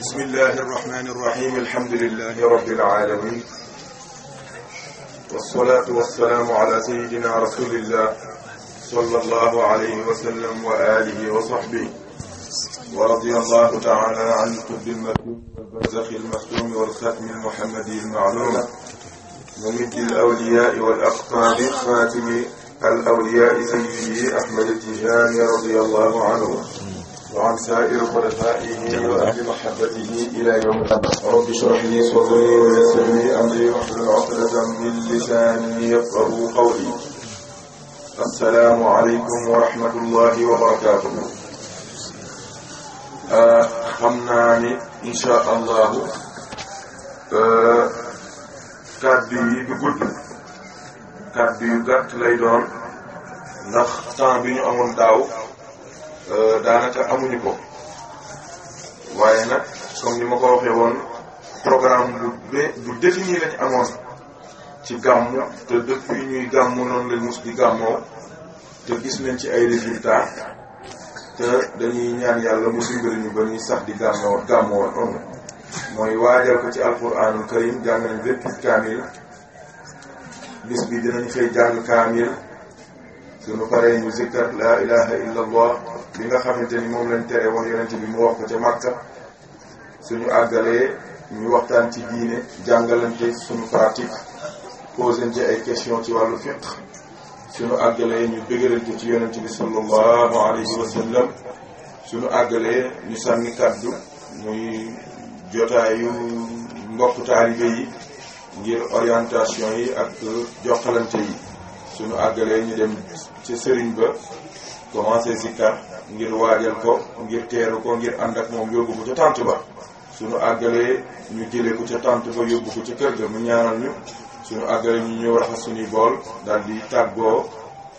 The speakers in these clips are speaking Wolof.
بسم الله الرحمن الرحيم الحمد لله رب العالمين والصلاة والسلام على سيدنا رسول الله صلى الله عليه وسلم وآله وصحبه ورضي الله تعالى عن القد المكتوم والبرزخ المختوم والختم المحمدي المعلوم ومد الأولياء والأقطاب خاتم الأولياء سيدي أحمد التجاني رضي الله عنه وعن سائر خلفائه وأهل محبته إلى يوم القيامة رب اشرح لي صدري ويسر لي أمري واحلل عقدة من لساني يفقه قولي السلام عليكم ورحمة الله وبركاته xam naa ni insha allahu kàddu yi du gudd kàddu yu gàtt lay doon ndax temps bi ñu amoon daaw Euh, daanaka amuñu ko waaye nag comme ñu ma ko waxee woon programme bu bu défini lañ amoon ci gàmmu te depuis ñuy gàmmu noonu lañ mus di gàmmoo te gis nañ ci ay résultats te dañuy ñaan yàlla mu dimbali ñu ba ñuy sax di gàmmoo gàmmoo noonu mooy waajal ko ci alquranul karim jàng nañ bépp kaamil bis bi dinañ fay jàng kaamil suñu paree ñu zikkat laa ilaha illa li nga xamante ni moom lañ tere woon yonente bi mu wax ko ca Makka suñu àggalee ñu waxtaan ci diine jàngalante suñu pratique posé ci ay question ci wàllu fiqh suñu àggalee ñu bëggalante ci yonente bi sallallahu alayhi wa sallam suñu àggalee ñu sànni kaddu muy jotaayu mbokk taalibe yi ngir orientation yi ak jokkalante yi suñu àggalee ñu dem ci sëriñ ba commencé zikkar ngir waajal ko ngir teeru ko ngir ànd ak moom yóbbu ko ca tànt ba suñu àggalee ñu jëlee ko ca tànt ba yóbbu ko ca kër ga mu ñaanal ñu suñu àggalee ñu ñëw raxas suñuy bool daal di tàggoo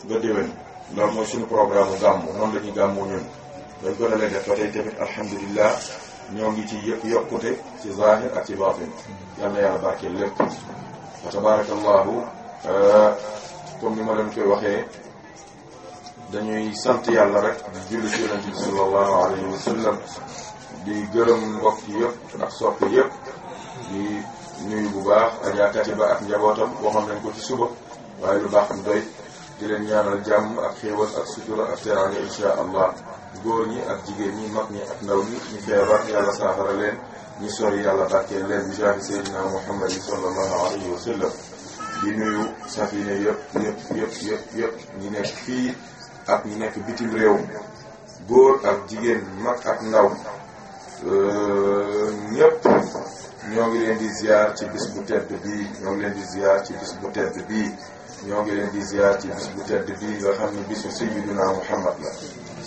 ba déwén loolu mooy suñu programme mu gàmm noonu la ñuy gàmmoo ñu dañ ko dalee def ba tey tamit alhamdulilah ñoo ngi ci yëpp yokkute ci zahir ak ci baatin yal na yàlla barkeel lépp wa tabaarakallahu euh, comme ni ma leen koy waxee dañuy sant yàlla rek di julli ci yonent bi sallallahu wa sallam di gërëm mbokk yëpp ak sopp yëpp di nuyu bu baax Adja Katiba ak njabootam waxoon nañ ko ci suba waaye lu baax am doy di leen ñaanal jàmm ak xéewal ak sutura ak teraanga insha allah góor ñi ak jigéen ñi mag ñi ak ndaw ñi ñu feebar yàlla saafara leen ñu sori yàlla bàkkee leen bi jaahi seydina muhammad sallallahu alayhi wa sallam di nuyu safine yëpp yëpp yëpp ñi nekk fii ak nekk bitim réew góor ak jigéen mag ak ndaw euh, ñëpp ñoo ngi leen di ziar ci bis bu tedd bi ñoo ngi leen di ziar ci biss bu tedd bi ñoo ngi leen di ci bis bu tedd bii nga xam ne bisu sayyidina muhammad la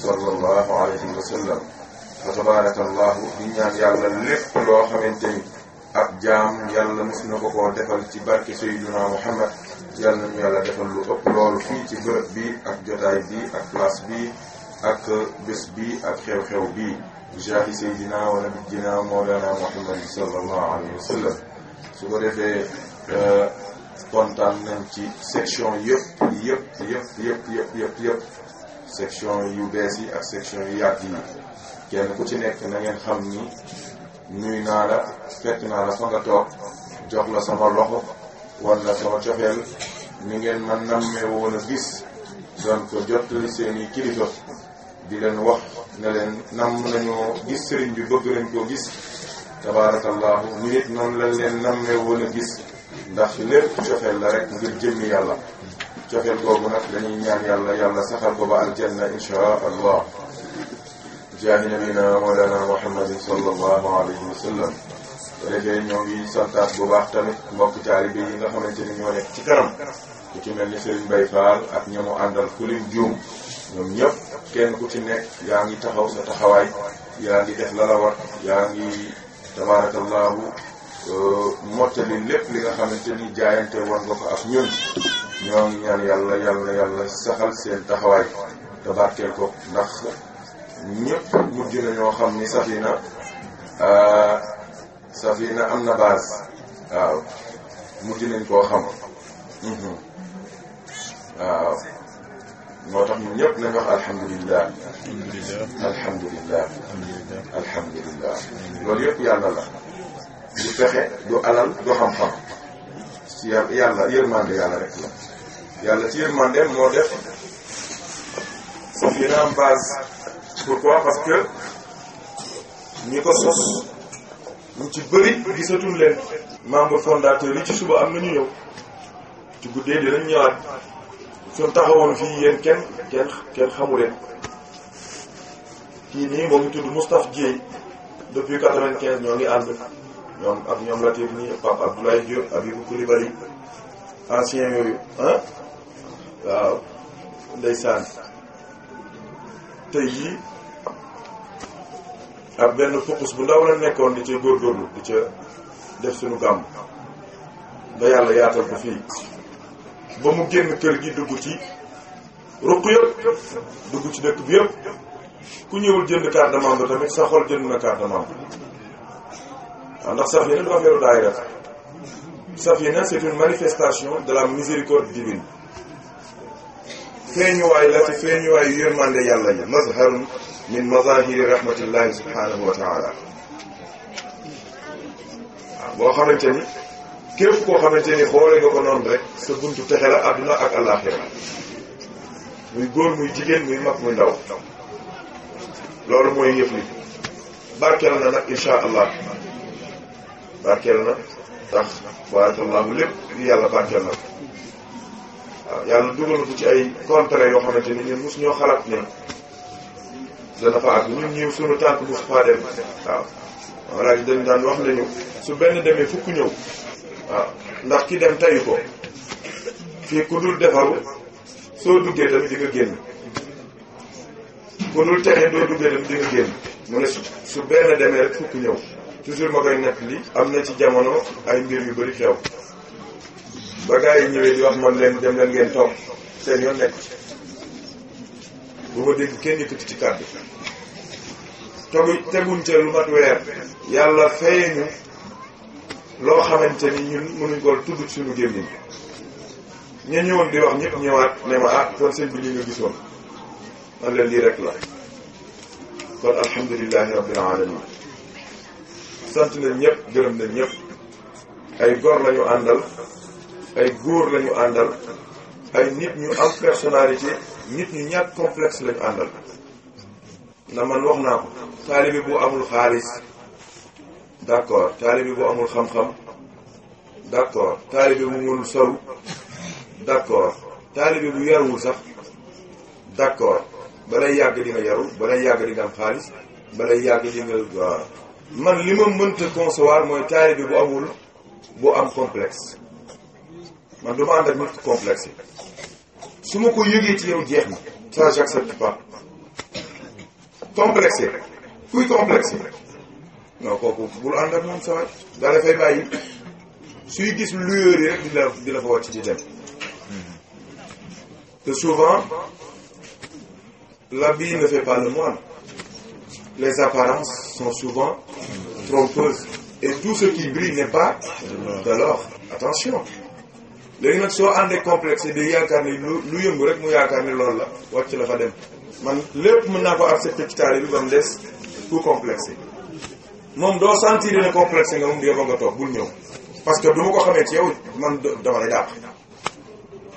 sallallahu alayhi wa sallam fa tabaraka allahu di lépp loo xamante ab jaam yàlla mos na ko koo defal ci barke sayyidina muhammad yal nañu yàlla defal lu ëpp loolu fii ci bërëb bi ak jotaay bi ak place bi ak bés bi ak xew-xew bi jaahi sayyidina wa nabiyina mawlana muhammad sallallahu alayhi wa su ko defee euh, kontaan nañ ci section yëpp yëpp yëpp yëpp yëpp section yu bees yi ak section yu yàgg yi kenn ku ci nekk na ngeen xam ni nuy naa la fekk naa la fa nga toog jox la sama loxo wala sama cofeel ni ngeen man nammee woon a gis doon ko jottali seen i kilifa di leen wax ne leen namm nañoo gis sëriñ bi bëgg nañ koo gis tabaarakallaahu ñu it noonu lañ leen nammee woon a gis ndax lépp cofeel la rek ngir jëmmi yàlla cofeel googu nag dañuy ñaan yàlla yàlla saxal ko ba aljanna insha allah jaahi nabina mawlana muhammadin sallallahu alayhi wa bu defee ñoo ngi santaat bu baax tamit mbokk taalibe yi nga xamante ni ñoo nekk ci kanam ku ci mel ni seen Mbaye Fall ak ñi mu àndal kulim juum ñoom ñëpp kenn ku ci nekk yaa ngi taxaw sa taxawaay yaa ngi def la la yaa ngi tabarakallahu euh, mottali lépp li nga xamante ni jaayante woon nga ko ak ñun ñoo ngi ñaan yàlla yàlla yàlla saxal seen taxawaay te ko ndax ñëpp mujj na ñoo xam ni safina safina am na base waaw mujj nañ koo xam mhm. waaw moo tax ñun ñëpp nañ wax alhamdulilah loolu yëpp yàlla la du fexe du alal du xam-xam yàlla yërmande yàlla rek la yàlla ci yërmandeem moo def safina am base pourquoi parce que ñi ko sos ñu ci bëri gisatul leen membre fondateur yi ci suba am na ñu ñëw ci guddee dinañ ñëwaat suñ taxawoon fii yéen kenn kenn kenn xamu leen kii nii moo ngi tudd Moustapha Dieye depuis quatre-vingt-quinze ñoo ngi ànd ñoom ak ñoom Latif nii Pape Abdoulaye Diop Abibou Koulibaly ancien yooyu ah waaw ndeysaan tey yii ak benn focus bu ndaw la nekkoon di ca góorgóorlu di ca def suñu gàmm ba yàlla yaatal ko ba mu génn kër gi dugg ci ruq yëpp dugg ci dëkk bi yëpp ku ñëwul jënd carte membre tamit sa xol jënd na carte membre waaw ah, ndax Safina du affaire daayira Safina c'est une manifestation de la miséricorde divine feeñuwaay la te feeñuwaayu yërmande yàlla la mazharun min mazahiri rahmatillahi subhanahu wa taala waaw boo xamante ni képp koo xamante ni xoole nga ko noonu rek sa buntu texe la àdduna ak àllaaxira muy góor muy jigéen muy mag mu ndaw loolu mooy yëf li barkeel na nag insha allah barkeel na tax baarakallahu lépp yàlla barkeel na waaw yàlla dugal ci ay contre yoo xamante ni ñun mos ñoo xalaat ne dana fa ak ñun ñëw suñu tànk mos faa dem waaw. voilà dañ daan wax nañu su benn demee fukk ñëw waaw ndax ki dem tayu ko fii ku dul defaru soo duggee tamit di nga génn ku dul texe doo duggee tamit di nga génn mu ne su su benn demee rek fukk ñëw toujours ma koy nekk li am na ci jamono ay mbir yu bari xew ba gars yi ñëwee di wax man leen dem leen ngeen toog seen yoon nekk bu ma dégg kenn yëkkati ci kàddu togu teguñ ca lu mat weer yàlla feye ñu loo xamante ni ñu mënuñ ko tudd suñu gémmiñ ñu ñëwoon di wax ñëpp ñëwaat ne ma ah kon sëñ bi gisoon man leen rek la kon alhamdulilahi rabbil alamin sant nañ ñëpp gërëm nañ ñëpp ay gor lañu àndal ay góor lañu àndal ay nit ñu am personnalité nit ñu ñàkk complexe lañu àndal na man wax naa ko taalibe bu amul xaalis d'accord taalibe bu amul xam-xam d'accord taalibe bu mënul soru d'accord taalibe bu yaruwul sax d'accord balay yàgg di nga yaru balay yàgg di nga am xaalis balay yàgg di nga waaw man li ma mënta concevoir mooy taalibe bu amul bu am complexe ma ànd ak complexe su ma ko yëgee ci yow jeex na ça j'accepte pas complexé kuy complexé non kooku bul ànd ak moom sa waay gis lueur yi rek di la di la dem te souvent l'habit ne fait pas le moine les apparences sont souvent trompeuses et tout ce qui brille n'est pas de attention léegi nag soo àndee complexe bi yaakaar ni lu lu yëngu rek mu yaakaar ni loolu la wàcc la fa dem man lépp mën naa ko accepté ci taali bi ba mu des ku complexe moom doo sentir ne complexe nga moom di yóbbu nga toog bul ñëw parce que du ma ko xamee ci yow man dama lay dàq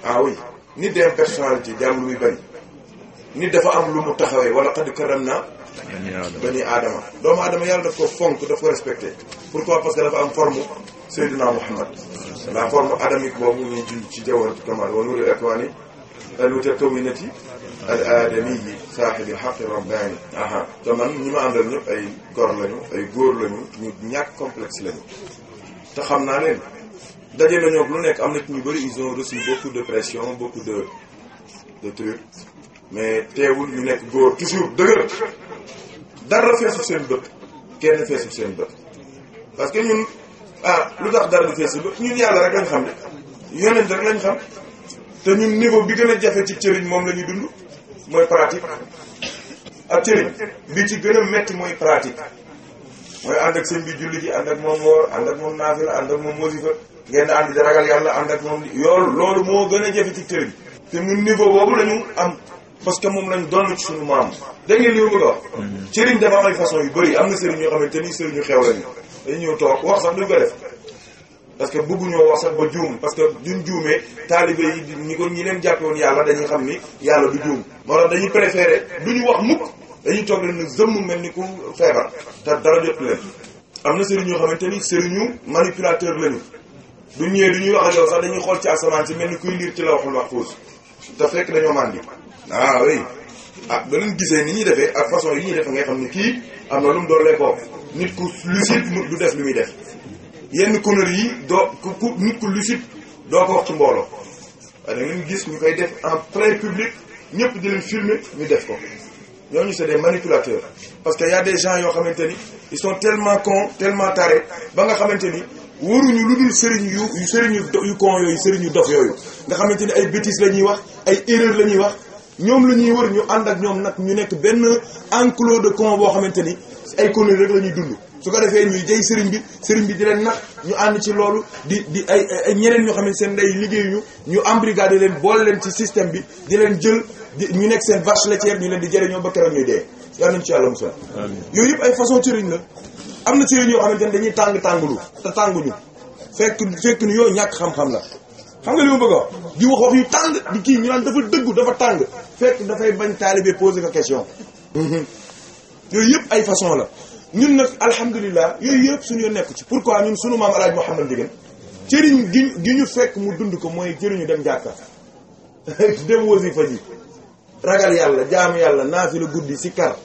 ah oui nit day am personnalité jàmm luy bañ nit dafa am lu mu taxawee wala xad karam na bani aadama doomu aadama yàlla daf ko fonk daf ko respecté pourquoi parce que dafa am forme Seydina Muhammad la forme adamique boobu ñuy jul ci jawharatul kamal wa nuuril akwaani al mutakawnati al aadamiyi saahibil haqqi rabbaani aha te ñi ma àndal ñëpp ay gor lañu ay góor lañu ñu ñàkk complexe lañu te xam naa leen daje nañoo lu nekk am na ci ñu bëri ils ont reçu de pression beaucoup de de mais teewul yu nekk góor toujours dara feesul seen bët kenn feesul seen bët parce que ñun ah lu tax dara du feesul bët ñun yàlla rek nañ xam ne yonent ñun niveau bi gën a jafe ci cëriñ moom la dund mooy pratique ak cëriñ bi ci gën a metti mooy pratique mooy ànd ak sëñ bi julli ji ànd ak moom woor ànd ak moom naafila ànd ak moom wasifa ngeen ànd di ragal yàlla ànd ak moom yoolu loolu moo gën a jafe ci cëriñ te ñun niveau boobu la am parce que moom lañu doon ci suñu maam dégg ngeen li mu wax mhm. dafa am façon yu bëri am na sëriñ ñoo xamante ni sëriñu xew lañu dañu ñëw toog wax sax duñ ko def parce que bëgguñoo wax sax ba parce que duñ juumee taalibe yi ñi leen jàppoon yàlla dañuy xam ni yàlla du juum moo tax dañuy préféré duñu wax mukk dañuy toog leen nag mel ni ku feebar te dara jot leen am na sëriñ yoo xamante ni sëriñu manipulateur lañu duñ ñëwee duñuy wax ak yow sax dañuy xool ci asamaan si mel ni kuy liir ci la waxul wax te fekk dañoo màndi ah oui ah ba leen gisee ni ñuy defee ak façon yi ñuy def ngay xam ni kii am na lu mu doolee koo nit ku lucide du def lu muy def yenn conneries yi doo ku nit ku lucide doo ko wax ci mbooloo waaye ah, da gis ñu koy def en plein public ñëpp di leen ñu def ko ñooñu c'est des manipulateurs parce que y a des gens yoo xamante ni ils sont tellement cons tellement tarés ba nga xamante ni wóoruñu lu dul sëriñ yu sëriñ yu cons yooyu sëriñ yu dof yooyu nga xamante ni ay bêtises la ñuy wax ay erreurs la ñuy wax ñoom la ñuy wër ñu ànd ak ñoom nag ñu nekk benn enclos de camp boo xamante ni ay colonie rek la ñuy dund su ko defee ñuy jay sëriñ bi sëriñ bi di leen nax ñu ànd ci loolu di di ay ñeneen ñoo xam ne seen day liggéeyuñu ñu embrigadé leen boole leen ci système bi di leen jël di ñu nekk seen vache laitière ñu leen di jëriñoo ba keroog ñuy dee yal nañ ci yàlla musal yooyu yëpp ay façon sëriñ la am na sëriñ yoo xamante ne dañuy tàng tàngulu te tànguñu fekk fekk ni yooyu ñàkk xam-xam la xam nga li ma bëgg a wax di wax wax yu tàng di kii ñu naan dafa dëggu dafa tàng fekk dafay bañ taalibe poser ko question yooyu yëpp ay façon la ñun nag alhamdulilah yooyu yëpp suñu nekku ci pourquoi ñun sunu maam alaaj Mouhamad Ndieguène cëriñ gi gi ñu fekk mu dund ko mooy cëriñu dem jàkka dem wasifa yi ragal yàlla jaam yàlla naafi la guddi si kar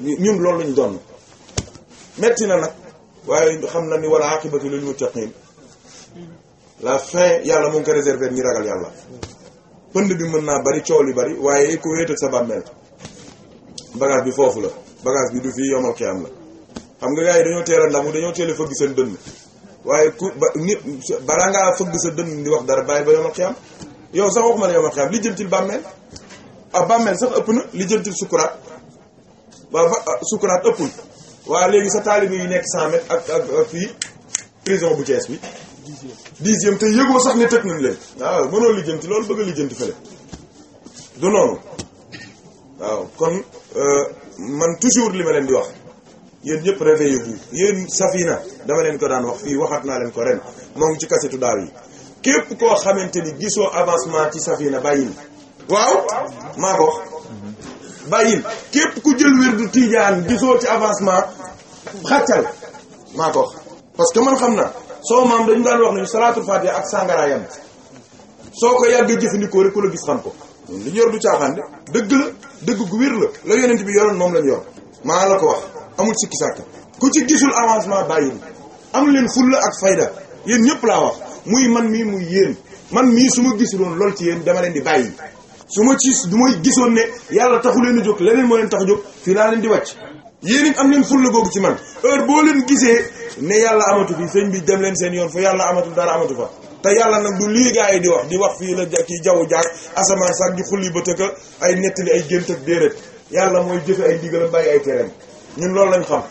ñun loolu lañ doon metti na nag waaye xam na ni wala aqibatu lil muttaqin la fin yàlla mu ngi ko réserver ñi ragal yàlla pënd bi mën naa bari coow li bari waaye ku wéetal sa bàmmeel bagage bi foofu la bagage bi du fii yomal xiyam la xam nga gars yi dañoo teel a ndamu dañoo teel a fëgg seen dënn waaye ku ba nit balaa ngaa fëgg sa dënn di wax dara bàyyi ba yomal xiyam yow sax ma la yomal xiyam li jëm ci bàmmeel ah bàmmeel sax ëpp na li jëm ci sukuraat waaw ba ah, sukuraat ëppul waaye léegi sa taalibe yi nekk 100 ak ak fii prison bu Thiès bi. dixième te yëgoo sax ne tëj nañ leen waaw mënoo lijjanti loolu bëgg a lijjanti fële du noonu waaw kon euh, man toujours li ma leen di wax yéen ñëpp réveillé vous yéen safina dama leen ko daan wax fii waxaat naa leen ko ren moo ngi ci kasetu daaw yi képp koo xamante ni gisoo avancement ci safina bàyyil waaw maa ko bàyyil képp ku jël wér du tiijaan gisoo ci avancement xàccal maa ko wax parce que man xam na soo maam dañu daan wax ne salaatul fatiha ak sàngara yam soo ko yàggee jëfandikoo rek ku la gis xam ko li ñu yor du caaxaan de dëgg la dëgg gu wér la la yonent bi yoroon moom lañu yor maa la ko wax amul sikki sàkk ku ci gisul avancement bàyyi am leen fulla ak fayda yéen ñëpp laa wax muy man mii muy yéen man mii su ma gisuloon lool ci yéen dama leen di bàyyi su ma ci du may gisoon ne yàlla taxu leen a jóg leneen moo leen tax a jóg fii laa leen yéen it am leen fulla googu ci man heure boo leen gisee ne yàlla amatu fi sëñ bi dem leen seen yoon fa yàlla amatu dara amatu fa te yàlla nag du lii gaa yi di wax di wax fii la ja kii jaww jaag asamaan sax di xulli bët ak ay nettali ay gént ak déedéet yàlla mooy jëfe ay ndigalam bàyyi ay tereem ñun loolu lañ xam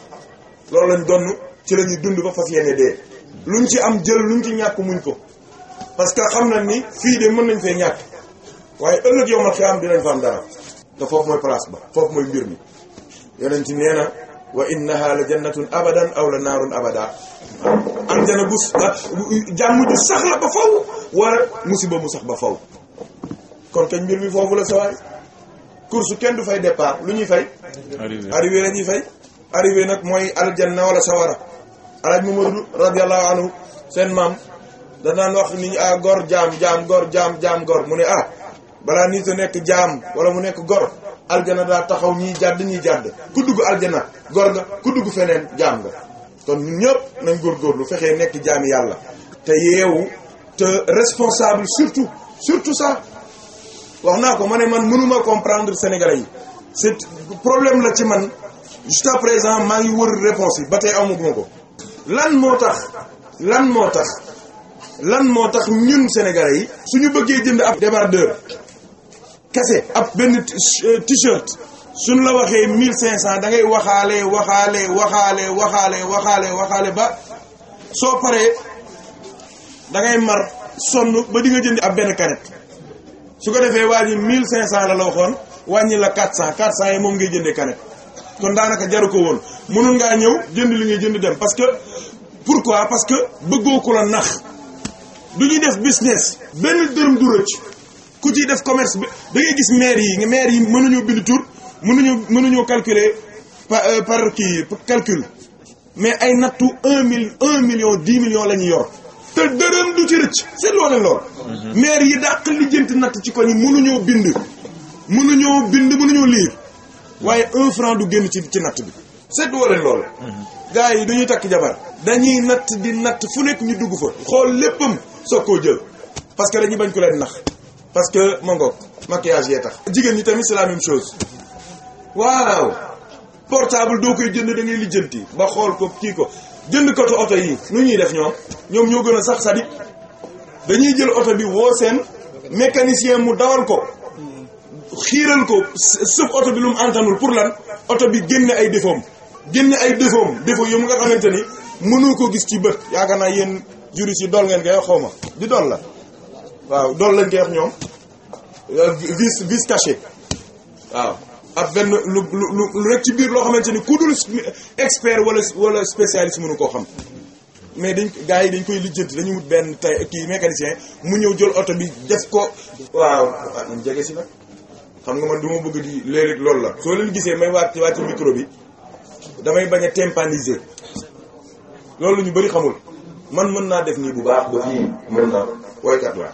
loolu lañ donn ci la ñuy dund ba fas yéene dee luñ ci am jël luñ ci ñàkk muñ ko parce que xam na ni fii de mën nañ fee ñàkk waaye ëllëg yow ma xi am dinañ fa am te foofu mooy place ba foofu mooy mbir mi yonent nee na wa innaha la jannatun abadan aw la naarun abada am bu jàmm ju sax la ba faw wala musiba mu sax ba faw kon kañ mbir mi foofu la sawaay course kenn du fay départ lu ñuy fay arrivé la ñuy fay arrivé nag mooy aljanna wala sawara alaaj Mamadou radiyallahu anhu seen maam danaan wax ni ah gor jaam jaam gor jaam jaam gor mu ne ah balaa nit a nekk jaam wala mu nekk gor aljana daa taxaw ñiy jàdd ñiy jàdd ku dugg aljana gor nga ku dugg feneen jaam nga kon ñun ñëpp nañ góor góor lu fexee nekk jaami yàlla te yeewu te responsable surtout surtout ça wax naa ko ma ne man mënuma comprendre sénégalais yi c'est problème la ci man jusqu'à présent maa ngi wër réponse yi ba tey amaguma ko lan moo tax lan moo tax lan moo tax ñun sénégalais yi su ñu bëggee jënd ab débardeur kese ab benn euh, t-shirt suñ la waxee mille cinq cent da ngay waxaale waxaale waxaale waxaale waxaale waxaale ba soo paree da ngay mar sonn ba di nga jënd ab benn karet su ko defee waa ji mille cinq cent la la waxoon wàññi la quatre cent quatre cent yi moom ngay jëndee karet kon daanaka jaru ko woon mënoon ngaa ñëw jënd li ngay jënd dem parce que pourquoi parce que bëggoo ko la nax du ñuy def business benn dërëm du rëcc ku ciy def commerce bi da ngay gis maire yi maire yi mënuñoo bind tur mënuñu mënuñoo calculer par euh, kii calcul mais ay nattu un mille un million dix millions la ñuy yor te dërëm du ci rëcc c'est loolu leen mhm. lool maire yi dàq lijjanti natt ci ko ni mënuñoo bind mënuñoo bind mënuñoo liir waaye un franc du génn ci ci natt bi c'est loolu leen mhm. lool gars yi duñuy takk jabar dañuy natt di natt fu nekk ñu dugg fa xool léppam soo koo jël parce que dañuy bañ ko leen nax parce que ma ngoog maquillage yee tax. jigéen ñi tamit c'est la même chose waaw portable doo koy jënd da lijjanti ba xool ko kii ko jënd katu oto yi nu ñuy def ñoom ñoom ñoo gën a sax sadi dañuy jël oto bi woo seen mécanicien mu dawar ko xiiral ko sëb oto bi lu mu antanul pour lan oto bi génne ay défaut génne ay défaut défaut yow mu nga xamante ni mënoo ko gis ci bët yaakaar naa yéen juriste yi dool ngeen koy xaw ma di dool la. waaw doon la guerre ñoom vis euh, vis caché waaw ak benn lu lu lu rek ci biir loo xamante ni ku dul expert wala wala spécialiste mënu koo xam mais dañ gars yi dañ koy lijjanti dañu wut benn tay kii mécanicien mu ñëw jël oto bi def ko. waaw waaw ah, man si nag xam nga man du ma bëgg di léeg-léeg loolu la. soo leen gisee may waat ci waat ci micro bi damay bañ a tympaniser loolu ñu bëri xamul man mën naa def nii bu baax ba fii mën naa woykat laa.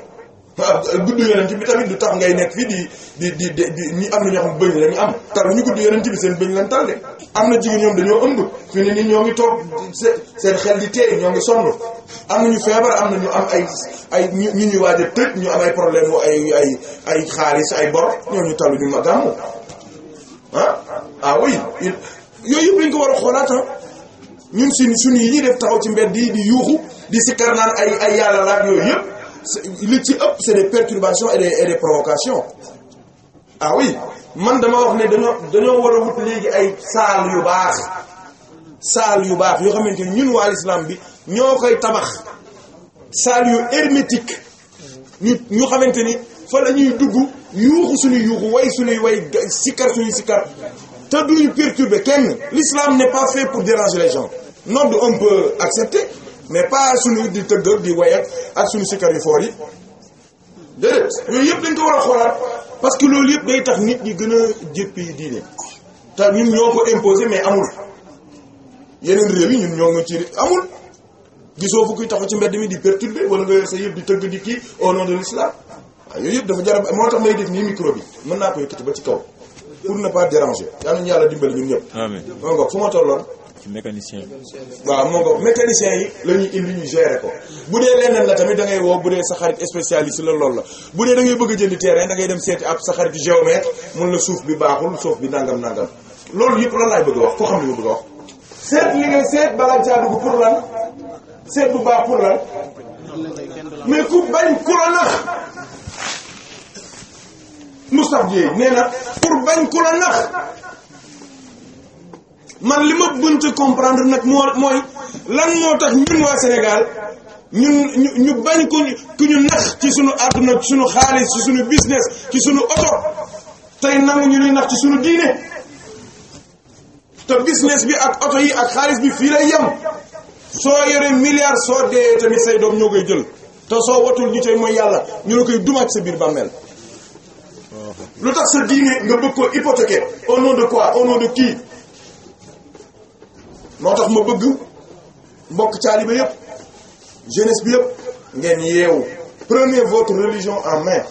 gudd yonent bi tamit du tax ngay nekk fii di di di di ñi am na ñoo xam bëñ la ñu am tal ñu gudd seen bëñ lan tal am na jigéen ñoom dañoo ëmb fi ne ni ñoo ngi toog seen xel di teey ñoo ngi sonn am na feebar am na ñu am ay ay ñu ñu waaj a tëj am ay problème wu ay ay ay xaalis ay bor ñooñu talu ñu ma gàmmu ah, ah yooyu yëpp lañ ko war a xoolaata ah. ñun suñu suñu yi ñuy def taxaw ci mbedd yi di yuuxu di sikkar naan ay ay yàlla laak yooyu yëpp li ci ëpp c'est des perturbations et des et des provocations ah oui man dama wax ne dañoo dañoo war a wut léegi ay saal yu baax saal yu baax yoo xamante ni ñun waa l'islam bi ñoo koy tabax saal yu hermétique ñu ñu xamante ni fa lañuy ñuy dugg yuuxu suñuy yuuxu way suñuy way sikkar suñuy sikkar te duñu perturber kenn l'islam n'est pas fait pour déranger les gens nodd on peut accepter mais pas suñu di tëgg di wayat ak suñu sikkar yu foor yi déedéet yooyu yëpp dañ ko war a xoolaat parce que loolu yëpp day tax nit ñi gën a jéppi diine te ñun ñoo ko imposé mais amul yeneen réew yi ñun ñoo ngi ci amul gisoo fu kuy taxaw ci mbedd mi di perturber wala nga sa yëpp di tëgg di kii au nom de l'islam waaw ah, yooyu yëpp dafa jar moo tax may def nii micro bi mën naa ko yëkkati ba ci kaw pour ne pas déranger yal nañu yàlla dimbali ñun ñëpp. amiin fu ma ci mécanicien yi. waaw moo ko mécanicien yi la ñuy indi ñu gérer ko bu dee leneen la tamit da ngay woo bu dee sa xarit spécialiste la lool la bu dee da bëgg a jëndi terrain da ngay dem seeti ab sa xarit géomètre mun la suuf bi baaxul suuf bi nangam nangam loolu yëpp lan laay bëgg a wax ko xam li ma bëgg a wax. seet li ngay seet balaa caa dugg pour lan seet bu baax pour lan mais ku bañ ku la nax Moustapha Dieye nee na pour bañ ku la nax. man li ma bënt comprendre nag moo mooy lan moo tax ñun waa Sénégal ñu ñu bañ ko ku ñu nax ci suñu àdduna ci suñu xaalis ci suñu business ci suñu oto tey nangu ñu ñuy nax ci suñu diine te business bi ak oto yi ak xaalis bi fii lay yem soo yoree milliard soo dee tamit say doom ñoo koy jël te soo watul ñu cay mooy yàlla ñu la koy dumaat sa biir bàmmeel oh. lu tax sa diine nga bëgg ko hypothéquer au nom de moo tax ma bëgg mbokk taalibe yëpp jeunesse bi yëpp ngeen yeewu prenez votre religion en main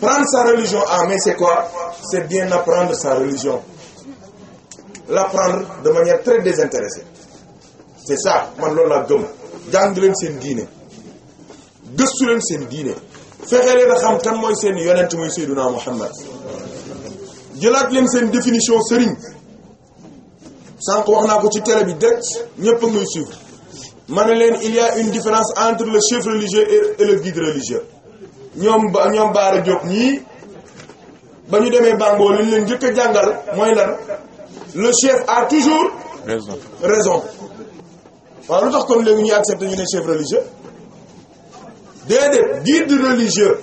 prendre sa religion en main c'est quoi c'est bien apprendre sa religion l'apprendre de manière très désintéressée c'est ça man loolu laa gëm jàng seen diine gëstu leen seen diine fexe leen a xam kan mooy seen yonent mooy Seydunaa Muhammad jëlaat leen seen définition sëriñ sànq wax naa ko ci tele bi direct ñëpp a ngi suivre ma ne leen il y a une différence entre le chef religieux et le guide religieux ñoom ba ñoom Baara Diop ñii ba ñu demee Bango li ñu leen njëkk a jàngal mooy lan le chef a toujours. raison raison. lu tax kon léegi ñuy accepté ñu ne chef religieux déedéet guide religieux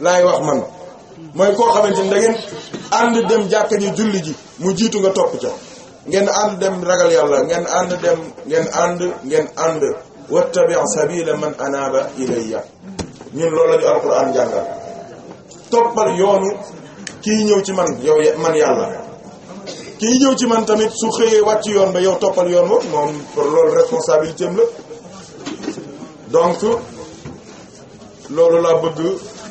laay wax man mooy koo xamante ni da ngeen ànd dem jàkka ñu julli ji mu jiitu nga topp ca. ngeen ànd dem ragal yàlla ngeen ànd dem ngeen ànd ngeen ànd wattabi sabila man anaba ilayya ñun loolu la ñu alquran jàngal toppal yoonu kii ñëw ci man yow man yàlla kii ñëw ci man tamit su xëyee wàcc yoon ba yow toppal yoon wa moom pour loolu responsabilité am la donc loolu laa bëgg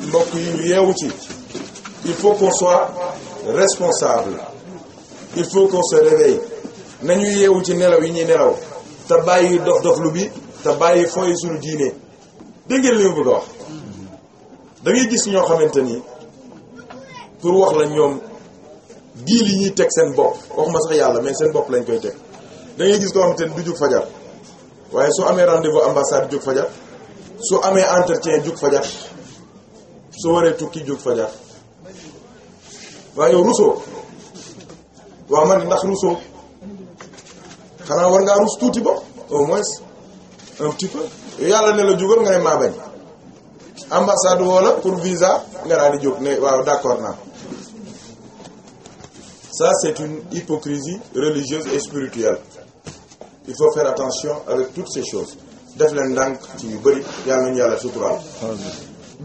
mbokk yi ñu yeewu ci il faut qu'on soit responsable il faut qu'on se réveille nañu yeewu ci nelaw yi ñuy nelaw te bàyyi dof dof lu bi te bàyyi fooy suñu diine dégg ngeen li ma bëgg a wax da gis ñoo xamante ni pour wax la ñoom diil yi ñuy teg seen bopp waxuma sax yàlla mais seen bopp lañ koy teg da gis koo xamante ni du jug fajar waaye su amee rendez-vous ambassade jug fajar su amee entretien jug fajar su waree tukki jug fajar waaye yow Rousseau waaw man ndax ruusoo xanaa war ngaa ruus tuuti ba au moins un petit yàlla ne la jógal nga ne maa bañ ambassade woo la pour visa nga daal di jóg ne waaw d'accord naa ça c'est une hypocrisie religieuse et spirituelle il faut faire attention avec toutes choses def leen ndànk ci yu bëri yàlla nañu yàlla suturaal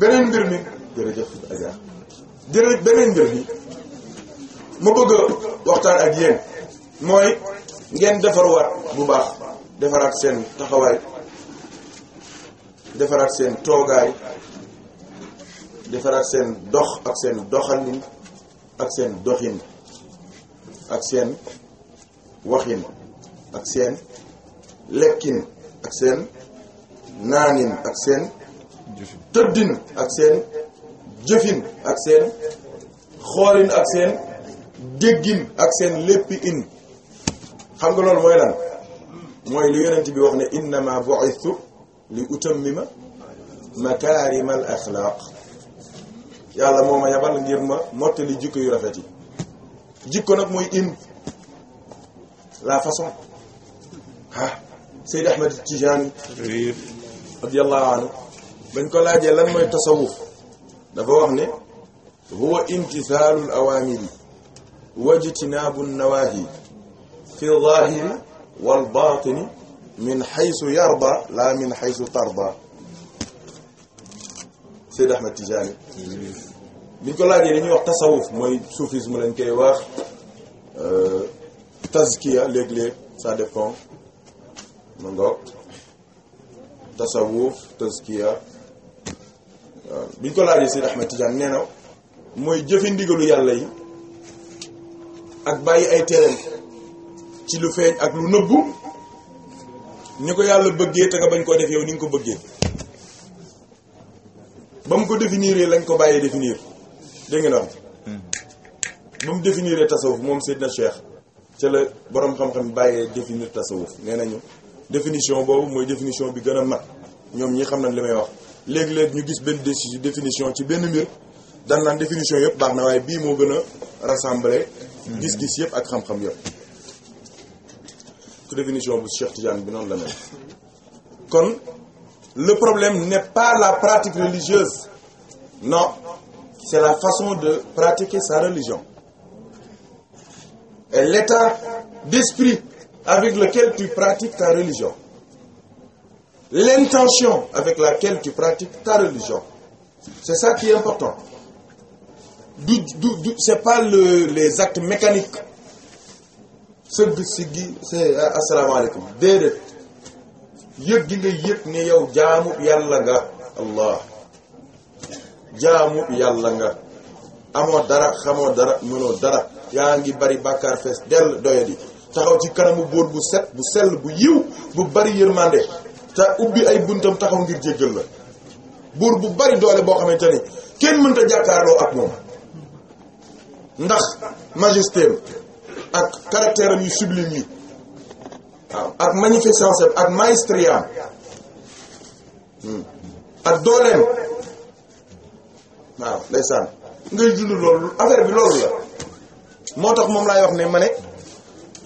beneen mbir mi jërëjëf Adja jërëjëf beneen mbir mi ma bëgg waxtaan ak yéen mooy ngeen defarwaat bu baax defaraat seen taxawaay defaraat seen toogaay defaraat seen dox ak seen doxalin ak seen doxin ak seen waxin ak seen lekkin ak seen naanin ak seen tëddin ak seen jëfin ak seen xoolin ak seen déggin ak seen léppi in xam nga loolu mooy lan mooy lu yonent bi wax ne innama bu'ithu li utammima makaarima al axlaaq yàlla moo ma yabal ngir ma mottali jikko yu rafet yi jikko nag mooy in la façon ah Seyd Ahmed Tijani radiyallahu anhu bañ ko laajee lan mooy tasawuf dafa wax ne huwa imtisaalul awaamiri wajtinaabu nawaahi fi zaahiri wal baatini min xaysu yarda la min xaysu tarda Seyd Ahmed Tijaani biñ ko laajee li ñuy wax mooy soufisme lañ koy wax euh, tazkiya léeg-léeg ça dépend ma ngoog tasawuf tazkiya biñ ko laajee Seyd Ahmed Tijaani nee na mooy jëfe ndigalu yàlla ak bàyyi ay tereem ci lu feeñ ak lu nëbbu ni ko yàlla bëggee te nga bañ koo def yow ni nga ko bëggee ba mu ko définir lañ ko bàyyee définir dégg nga wax ba mu définir tasawuf moom Seydina Cheikh ca la borom xam-xam bàyyee définir tasawuf nee nañu définition boobu mooy définition bi gën a mag ñoom ñi xam na li may wax léegi léeg ñu gis benn definition ci benn mbir daan naan définition yëpp baax na waaye bii moo gën a rassembler Mm-hmm. gis-gis yëpp ak xam-xam bu Cheikh Tidiane bi noonu la mel kon le problème n'est pas la pratique religieuse non c'est la façon de pratiquer sa religion et l'état d'esprit avec lequel tu pratiques ta religion l'intention avec laquelle tu pratiques ta religion c'est ça qui est important du du du c'est pas le les actes mécaniques sëgg si gi c'est euh, asalaamaaleykum déedéet yëg gi nga yëg ne yow jaamu yàlla nga allah jaamu yàlla nga amoo dara xamoo dara mënoo dara yaa ngi bari bàkkaar fees dell doyadi taxaw ci kanamu bóor bu set bu sell bu yiw bu bari yërmande te ubbi ay buntam taxaw ngir jéggal la buur bu bari doole boo xamante ni kenn mënta jàkkaarloo ak moom ndax majesté ak caractère yu sublime yi waaw ak magnificence am ak maestria hmm. ak dooleem waaw ndeysaan ngay dund loolu affaire bi loolu la moo tax moom laay wax ne ma ne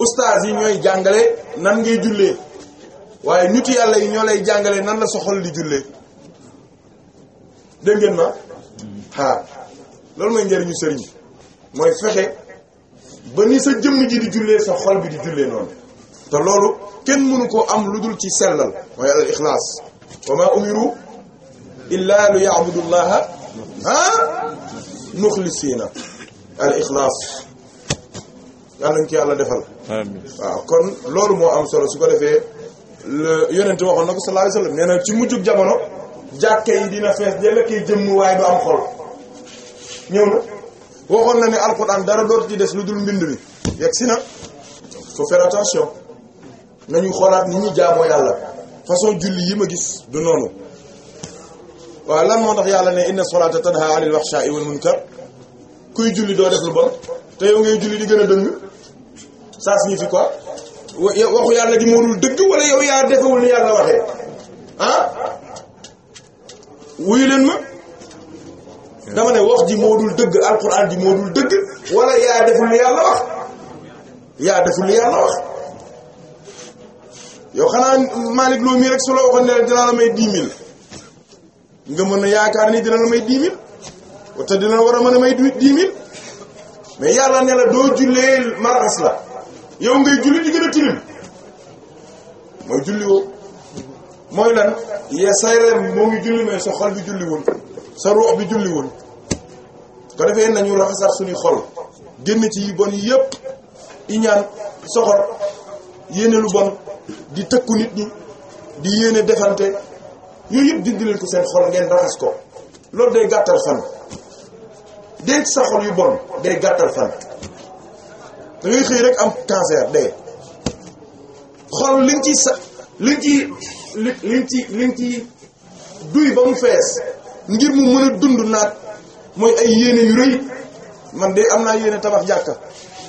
ustaas yi ñooy jàngale nan ngay jullee waaye nit yàlla yi ñoo lay jàngale nan la soxol xol di jullee dégg ngeen ma ah loolu mooy njëriñu sëriñ mooy fexe ba ni sa jëmm ji di jullee sa xol bi di jullee noonu te loolu kenn mënu koo am lu dul ci sellal mooy al ixlaas wa ma umiru illa lu ya'budu llaha ah muxlisiina al ixlaas yàlla nañ ci yàlla defal waaw kon loolu moo am solo su ko defee yonente waxoon na ko sallallahu alayhi wasallam nee na ci mujjug jamono jàkke yi dina fees dellëkkey jëmm waaye du am xol ñëw na waxoon na ne alxuraan dara dootu ci des lu dul mbind mi yegg si na faut faire nañu xoolaat ni ñuy jaamoo yàlla façon julli yi ma gis du noonu waaw lan moo tax yàlla ne inna salata tanha anil wahsha'i wal munkar kuy julli doo def lu bon te yow ngay julli di gën a dëng ça signifie quoi waxu yàlla ji moodul dëgg wala yow yaa defewul ni yàlla waxee ah wuyu leen ma dama ne wax ji moo dul dëgg alxuraan ji moo dul dëgg wala yaa deful li yàlla wax yaa deful yàlla wax yow xanaa Malick Lo mii rek su la waxoon ne dinaa la may dix nga mën a yaakaar ni dina la may dix mille te dina war a mën a may dix mille mais yàlla ne doo jullee maraas la yow ngay julli di a tilim mooy julli woo mooy lan yee say rem moo ngi julli mais sa xol bi julliwul sa ruux bi julliwul ko defee nañu raxasar suñu xol génn ci yi bon yépp iñaan soxor yéene lu bon di tëkku nit ñi di yéene defante yooyu yëpp dindi leen ko seen xol ngeen raxas ko loolu day gàttal fan dee sa xol yu bon day gàttal fan da xëy rek am cancer dee xol li nga ci sa li nga ci li liñ ci liñ ci duy ba mu fees ngir mu mën a dund naat mooy ay yéene yu rëy man de am naa yéene tabax jàkka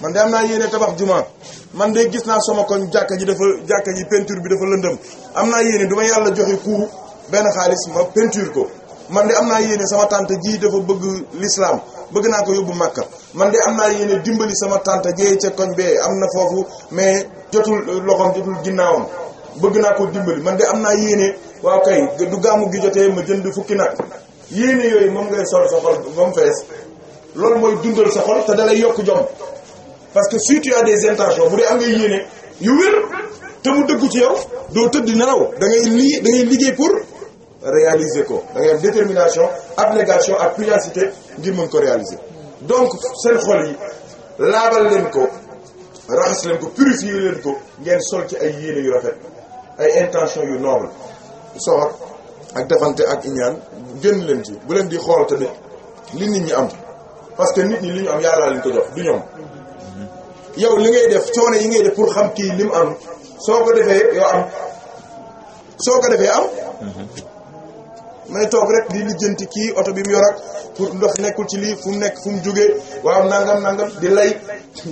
man de am naa yéene tabax juma man de gis naa sama koñ jàkka ji dafa jàkka ji peinture bi dafa lëndëm am naa yéene du ma yàlla joxe ku benn xaalis ma peinture ko man de am naa yéene sama tante ji dafa bëgg l'islam bëgg naa ko yóbbu Makka man de am naa yéene dimbali sama tante jee ca koñ bee am na foofu mais jotul loxoom jotul ginnaawam bëgg naa ko dimbali man de am naa yéene waaw kay du gàmmu gi jotee ma jënd fukki nag yéene yooyu moom ngay sol sa xol ba mu fees loolu mooy dundal sa xol te dalay yokk jom parce que si tu des intentions bu dee am nga yéene yu wér te mu dëggu ci yow doo tëdd nelaw da ngay lii da ngay liggéey pour réaliser ko da ngay am détermination abnégation ak pugnacité ngir mën ko réaliser donc seen xol yi laabal leen ko raxas leen ko purifier leen ko ngeen sol ci ay yéene yu rafet ay intention yu noble soxor ak defante ak iñaan génn leen ci bu leen di xool tamit li nit ñi am parce que nit ñi li ñu am yàlla lañ ko jox du ñoom yow li ngay def coono yi ngay def pour xam kii li mu am soo ko defee yow am soo ko defee am mm-hmm. mais toog rek di lijjanti kii oto bi mu yor pour ndox nekkul ci lii fu mu nekk fu mu jógee waaw nangam nangam di lay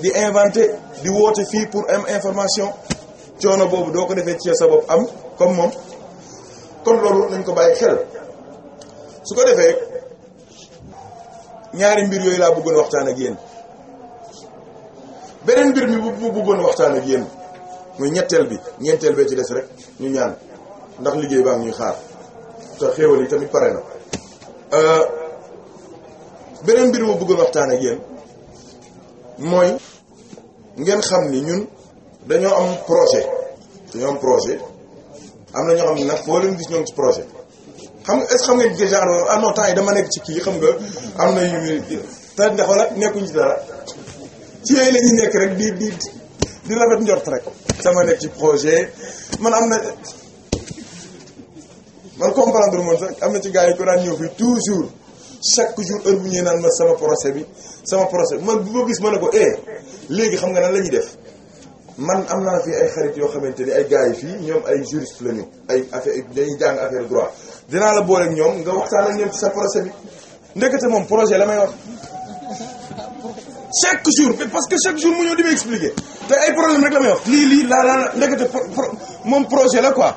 di inventé di woote fii pour am information coono boobu doo ko defee ci sa bopp am comme moom kon loolu nañ ko bàyyi xel su ko defee ñaari mbir yooyu laa bëggoon waxtaan ak yéen beneen mbir mi bu bëggoon waxtaan ak yéen muy ñetteel bi ñeenteel bee ci des rek ñu ñaan ndax liggéey baa ngi ñuy xaar te pare na euh, beneen mbir mu waxtaan ak yéen mooy ngeen xam ni ñun dañoo am projet dañoo am projet am na ñoo xam ne nag foo leen gis ñoo ngi projet xam nga est ce xam ngeen déjà ah non temps dama nekk ci kii xam nga am na yu te nga nekkuñ ci dara ci yooyu la ñuy nekk rek di di di sama nekk ci projet man am na man comprendre moom sax am na ci gaa yi ko daan ñëw fii toujours chaque jour heure bu ñuy naan ma sama projet bi sama projet man bu ma gis ma ne ko eh, léegi xam nga nan la ñuy def. man am naa fi ay xarit yoo xamante ni ay gars yi fii ñoom ay juriste lañu ay affaire dañuy jàng affaire droit dinaa la booleeg ñoom nga waxtaan ak ñoom ci sa procès bi ndekete moom projet la may wax chaque jour parce que chaque jour mu ñëw di ma expliquer te ay problème rek moom projet la quoi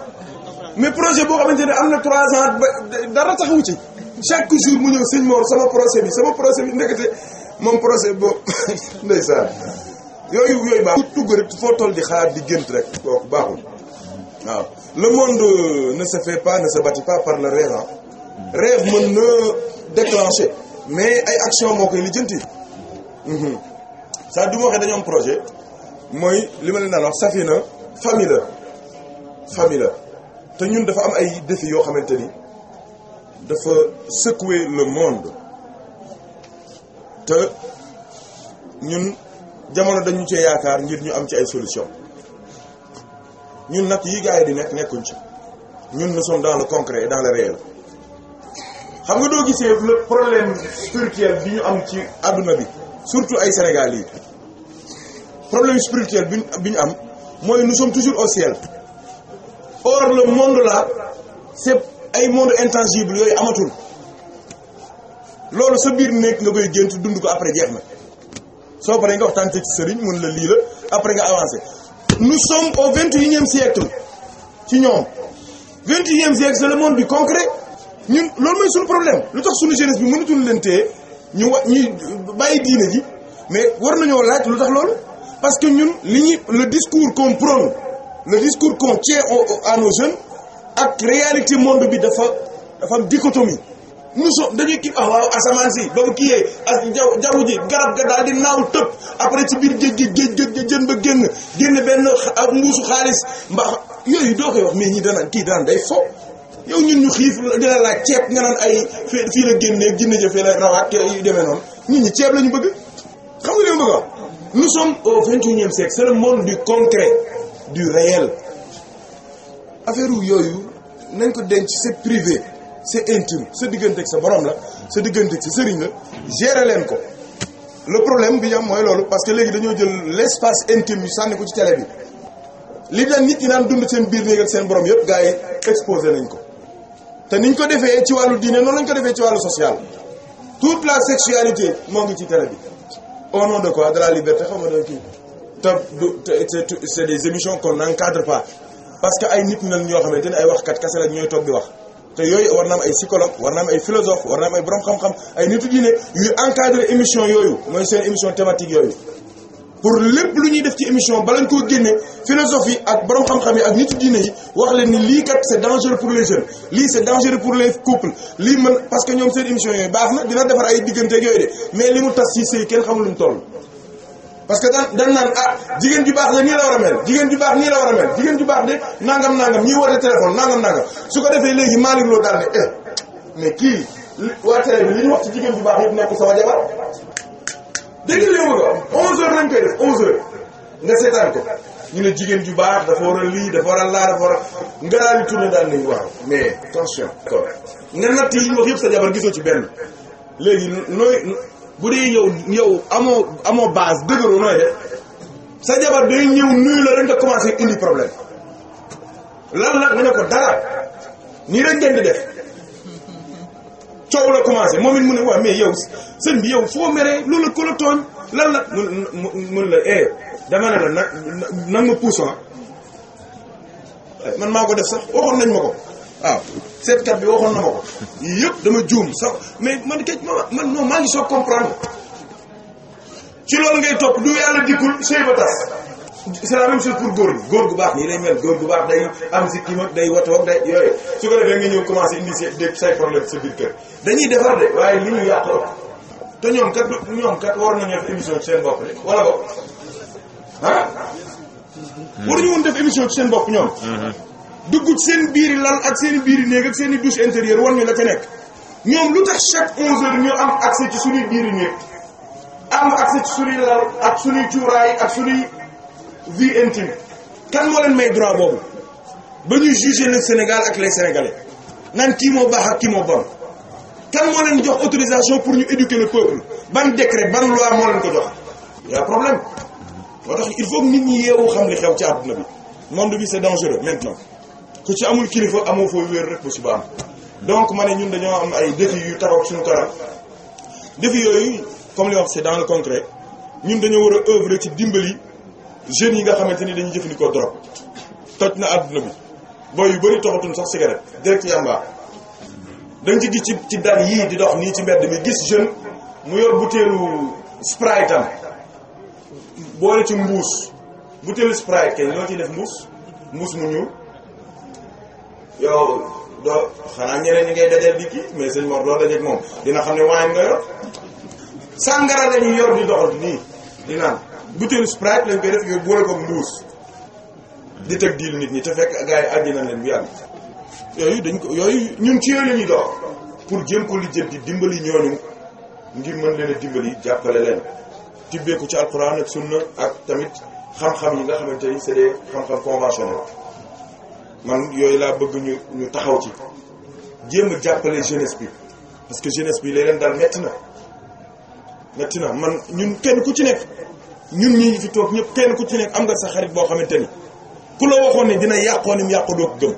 mais projet boo xamante ne am na trois ans ba dara taxawu ci chaque jour mu ñëw sëñ Mor sama procès bi sama procès bi ndekete moom procès boobu ndeysaan yooyu yooyu baaxul tugg rek foo toll di xalaat di gént rek kooku baaxul waaw le monde euh, ne se fait pas ne se bâtit pas par le rêve mm. rêve mën na déclencher mais ay action moo koy lijjanti saa mm-hmm. du ma waxee dañu projet mooy li ma leen daan wax safina famille la famille la te ñun dafa am ay défis yoo xamante ni dafa secouer le monde te ñun jamono dañu cee yaakaar ngir ñu am ci ay solution ñun nag yi gars yi di nekk nekkuñ ci ñu nous sommes dans le concret et dans le xam nga doo gisee le problème spirituel bi ñu am ci àdduna bi surtout ay Sénégal yi problème spirituel bi bi ñu am mooy nous sommes toujours au ciel or le monde là c'est ay monde intangible yooyu amatul loolu sa biir nekk nga koy gént dund ko après jeex na soo paree nga wax waxtaan ci sëriñ mun la lii la après nga avancé nous sommes au vingt et unième siècle ci ñoom vingt et unième siècle c'est le monde du concret ñun loolu mooy suñu problème lu tax suñu jeunesse bi mënatuñu leen téye ñu wa ñuy bàyyi diine ji mais war nañoo laaj lu tax loolu parce que ñun li ñuy le discours qu'on prône le discours qu'on tient à nos jeunes ak réalité monde bi dafa dafa am dichotomie nous sommes dañuy kii ah waaw asamaan si ba mu kiiyee ak jaww jaww ji garab ga daal di naaw tëb après ci biir géej gi géej géej jën ba génn génn benn ak mbuusu xaalis mbaax yooyu doo koy wax mais ñi danaan kii daan day fo yow ñun ñu xiif dina laaj ceeb nga ay fii la génneeg jënd la rawaat yu demee noonu ñun ñi ceeb ñu bëgg xam nga li ma bëgg a nous sommes au vingt-et-unième siècle c'est le monde du concret du réel affaire yooyu nañ ko denc c'est privé. c'est intime sa diggante ak sa borom la sa diggante ak sa sëriñ la gérer leen ko le problème bi ñu am mooy loolu parce que léegi dañoo jël l'espace intime yu sànni ko ci tele bi li daan nit ñi daan dund seen biir néeg seen borom yëpp gars yi exposé nañ ko te niñ ko defee ci wàllu diine noonu lañ ko defee ci wàllu social toute la sexualité moo ngi ci télé bi au nom de quoi de la liberté xam nga da kii te c'est des émissions qu'on n'encadre pas parce que ay nit nañ ñoo xamante ñooy toog di wax te yooyu war na ay psychologue war na ay philosophe war na ay borom xam-xam ay nitu diine yuy encadrer émission yooyu mooy seen émission thématique yooyu pour lépp lu ñuy def ci émission bala ñu koo génne philosophe yi ak borom xam-xam yi ak nitu yi wax leen ni lii kat c'est dangereux pour les jeunes lii c'est dangereux pour les couples lii man parce que ñoom seen émission yooyu baax na dina defar ay digganteeg yooyu de mais li mu tas ci sëy kenn xamul lu mu toll parce que daan daan naan ah jigéen ju baax la nii la war a mel jigéen ju baax nii la war a mel jigéen ju baax de nangam nangam ñiy woote téléphone nangam nangam su ko defee léegi Malick Lo daal ne eh mais kii waa télé bi ñu wax jigéen ju baax yëpp nekkul sama jabar dégg nga li ma ko wax 11 ko ñu ne jigéen ju baax dafa war a lii dafa war a laa dafa war a nga daal di tourné daal nañ waaw mais attention. nga natt yi wax yëpp sa jabar gisoo ci benn léegi nooy. bu dee yow yow amoo amoo base dëgëru nooy de sa jabar day ñëw nuyu la rek nga commencé indi problème lan la nga ne ko dara nii rek ngeen di def coow la commencé moom it mu ne waaw mais yow sëñ yow foo meree loolu ko la tooñ lan la mu mun la eh dama la nag nag ma puus ah. eh, man maa ko def sax waxoon nañ ma ko. waaw seetkat bi waxoon na ma ko yëpp dama juum sax mais man kay man non maa ngi soo comprendre ci loolu ngay topp du yàlla dikkul sëy ba tas c'est la même chose pour góor gi góor gu baax nii lay mel góor gu baax day am si kii day watoog day yooyu su ko defee nga ñëw commencé indi sa say problème sa dañuy defar de waaye li ñu yàq ëpp te ñoom kat ñoom kat war nañu def émission ci seen bopp de wala bopp hmm. woon def émission ci seen bopp ñoom. Hmm. dugg ci seen biiri lal ak seen biir biiri néeg ak seen i douche intérieure wan ñu la ca nekk ñoom lu tax chaque onze heures am accès ci suñuy biiri néeg am accès ci suñuy lal ak suñuy cuuraay ak suñuy vie intime kan moo leen may droit boobu ba ñu juger le Sénégal ak les Sénégalais naan kii moo baax ak kii moo bon kan moo leen jox autorisation pour ñu éduquer le peuple ban décret ban loi moo leen ko jox y a problème moo tax il faut que nit ñi yeewu xam li xew ci àdduna bi monde bi c'est dangereux ku ci amul kilifa amoo foo wéer rek musiba am donc ma ne ñun dañoo am ay défi yu taxaw suñu kanam défi yooyu comme li wax dans le concret ñun dañoo war a œuvrer ci dimbali jeunes yi nga xamante ni dañuy jëfandikoo drogue toj na àdduna bi booy yu bëri toxatun sax cigarette direct yamba dañ ci ci ci dar yii di dox nii ci mbedd mi gis jeune mu yor butéelu Sprite am boole ci mbuus butéelu Sprite kay ñoo def mbuus mbuus mu ñuul yow doo xanaa ñeneen ñi ngay dajal di kii mais sëñ Mor doo dajeeg moom dina xam ne waaye nga yor sàngara la ñuy yor di doxal nii di naan butéelu Sprite lañ koy def nga di teg diil nit ñi te fekk gars yi àddina leen bu yàgg yooyu dañ ko yooyu ñun ci yooyu la ñuy dox pour jéem ko li jëm di dimbali ñooñu ngir mën leen dimbali jàppale leen tibbeeku ci alxuraan ak sunna ak tamit xam-xam yi nga xamante ni c'est des xam-xam conventionnels man yooyu laa bëgg ñu ñu taxaw ci jéem a jàppale jeunesse bi parce que jeunesse bi leen daal metti na metti na man ñun kenn ku ci nekk ñun ñi fi toog ñëpp kenn ku ci nekk am nga sa xarit boo xamante ni ku la waxoon ne dina yàqoo ni yàqu doo ko gëm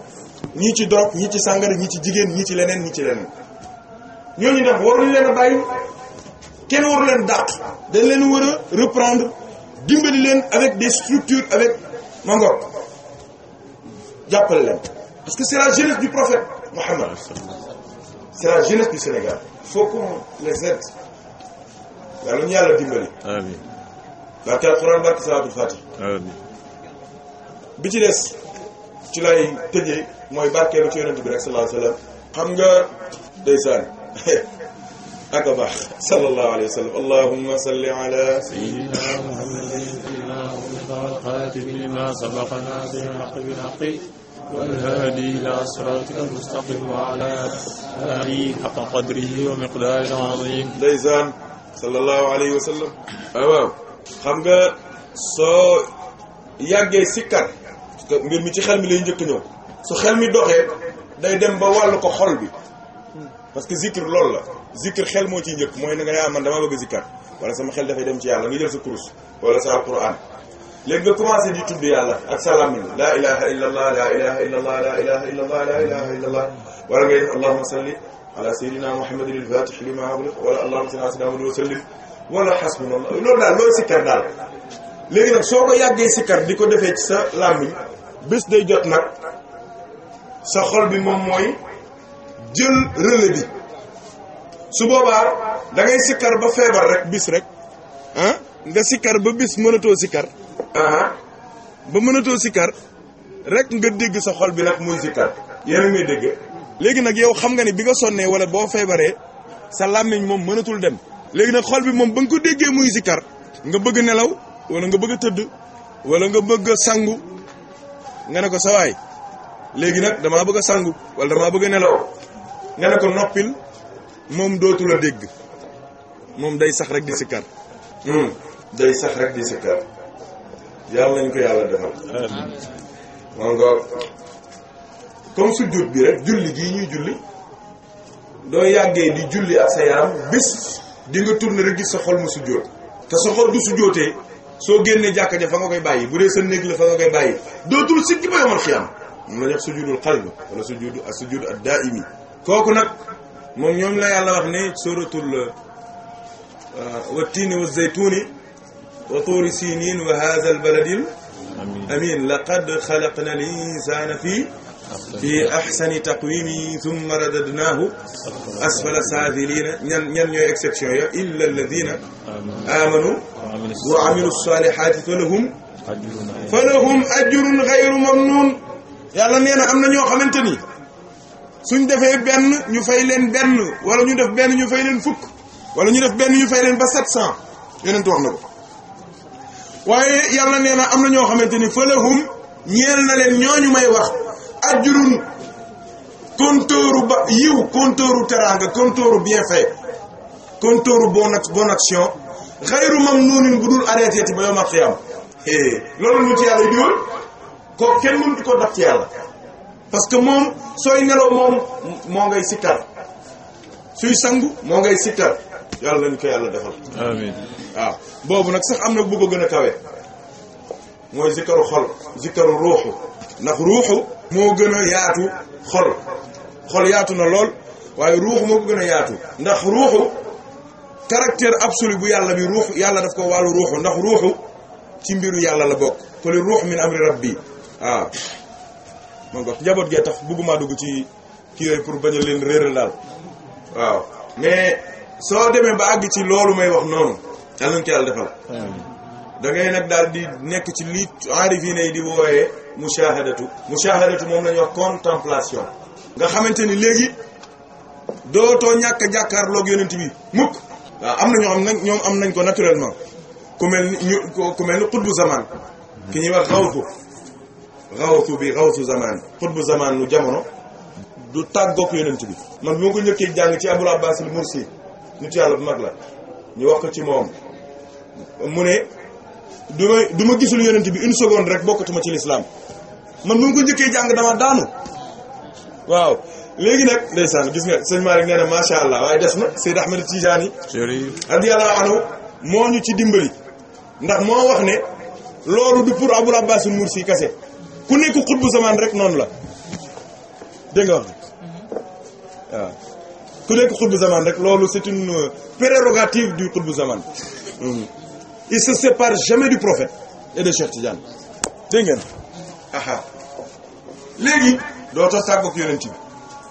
ñii ci drogue ñi ci sàngara ñi ci jigéen ñi ci leneen ñii ci leneen ñooñu nag waruñu leen a bàyyi kenn waru leen dàq dañ leen war a reprendre dimbali leen avec des structures avec mangor jàppale leen parce que c'est la jeunesse du prophète Mohammed c'est la jeunesse du Sénégal il les aide yàlla ñu yàlla dimbali amiin barke alxuraan barke fatih amiin bi ci des ci lay tëjee mooy barkeelu ci yonent bi rek sallallahu alayhi wa sallam xam ak a baax sallallahu alayhi wa sallam allahumma salli ala sayyidina muhammadin الخاتم لما سبق ناصر الحق بالحق والهادي إلى صراطك المستقيم وعلى آله حق قدره ومقداره العظيم ndeysaan sallallahu alayhi wa sallam ah, waaw xam nga soo yàggee sikkar mbir mi ci xel mi lay njëkk ñëw su xel mi doxee day dem ba wàllu ko xol bi parce que zikr loolu la zikr xel moo ciy njëkk mooy na nga yaa ah, man damaa bëgg zikkar wala sama xel dafay dem ci yàlla nga jël sa kurus wala sa alquran léegi nga commencé di tudd yàlla ak salamin laa ilaha illa allah laa ilaha illa allah laa ilaha illa allah laa ilaha illa allah wala ngay def allahuma salli ala sayidina muhammadin alfatih lima ughliq wala allahuma salli ala sayidina muhammadin wa sallim wala hasbunallah loolu daal loolu sikkar daal léegi nag soo ko yàggee sikkar di ko defee ci sa làmmiñ bés day jot nag sa xol bi moom mooy jël relais bi su boobaa da si sikkar ba feebar rek bis rek ah nga sikkar ba bis mënatoo sikkar ba mënatoo sikkar rek nga dégg sa xol bi nag muy sikkar yéen ngay dégg léegi nag yow xam nga ne bi nga sonnee wala boo feebaree sa làmmiñ moom mënatul dem léegi nag xol bi moom ba nga ko déggee muy sikkar nga bëgg nelaw wala nga bëgg a tëdd wala nga bëgg sangu nga ne ko sawaay léegi nag damaa bëgg a sangu wala damaa bëgg nelaw nga ne ko noppil moom dootu la dégg moom day sax rek di sikkar hmm. day sax rek di sikkar yàlla nañ ko yàlla defal comme sujjóot bi rek julli gii ñuy julli doo yàggee di julli ak sa yaram bis di nga tourner rek gis sa xol mu sujjóot te sa xol du sujjóotee soo génnee jàkka ja fa nga koy bàyyi bu dee sa néeg la fa nga koy bàyyi dootul sikki ba yomal xiyam mun na jox sujudul qalbi wala sujudu ak sujud ad daimi kooku nag moom ñoom la yàlla wax ne suratul euh, wa tiini wa zaytuuni wa tuuri siniin wa haza al baladil amin laqad xalaqna al insana fii fi ahsani taqwimi thumma radadnaahu asfala saafiliina ñan ñan ñooy exception ya illa alladina amanu wa amilu salihati fa lahum fa lahum ajrun gayru mamnun yàlla nee na am na ñoo xamante ni suñ defee benn ñu fay leen benn wala ñu def benn ñu fay leen fukk wala ñu def benn ñu fay leen ba sept cent yonent wax na ko waaye yàlla nee na am na ñoo xamante ni falahum ñeel na leen ñoo ñu may wax ajrun kontooru ba yiw kontooru teraanga kontooru bien fait kontooru bon ak bonne action xayru mamnuunin bu dul arrêté ti ba yawmal qiyaam loolu ñu ci yàlla diwol ko kenn mënut ko daf ci yàlla parce que moom sooy nelaw moom moo ngay sikkar suy sangu moo ngay sikkar yàlla nañ ko yàlla defal amiin waaw boobu nag sax am na bu ko gën a kawe mooy zikkaru xol zikkaru ruuxu ndax ruuxu moo gën a yaatu xol yaatu na lool waaye ruuxu moo ko gën a yaatu ndax ruuxu caractère absolu bu yàlla bi ruux yàlla daf ko wàllu ruuxu ndax ruuxu ci mbiru yàlla la bokk quli ruux min amri rabbi waaw ma ngoog njaboot gee tax bëgguma dugg ci kii yooyu pour bañ a leen réeral daal waaw mais soo demee ba àgg ci loolu may wax noonu yàlla nañu ko yàlla da ngay nag daal di nekk ci lii arifine yi di wooyee mushahadatu mushahadatu moom la ñuy contemplation nga xamante ni léegi dootoo ñàkk a jàkkaarloog yonent bi mukk waaw am na ñoo xam nag am nañ ko naturellement ku mel ni ñu ku ki ñuy wax xawfu rawsu bi rawsu zamaan xutbu zamaan nu jamono du tàggoog yonent bi man bi ma ko njëkkee jàng ci abul abbas al mursi nit yàlla bu mag la ñu wax ko ci moom mu ne du du ma gisul yonent bi une rek bokkatuma ci lislaam man bi ma ko njëkkee jàng dama daanu waaw léegi nag ndeysaan gis nga sëñ Malick nee allah waaye des na Seyd Ahmed Tidiane yi radiyallahu anhu moo ñu ci dimbali ndax moo wax ne loolu du pour abul abbas mursi kase ku nekk xutbu zamaan rek noonu la dégg nga wax bi waaw ku nekk xutbu zamaan rek loolu c'est une euh, prérogative du xutbu zamaan mhm. il se sépare jamais du prophète et de Cheikh Tidiane dégg ngeen aha léegi dootoo tàggoog yonent bi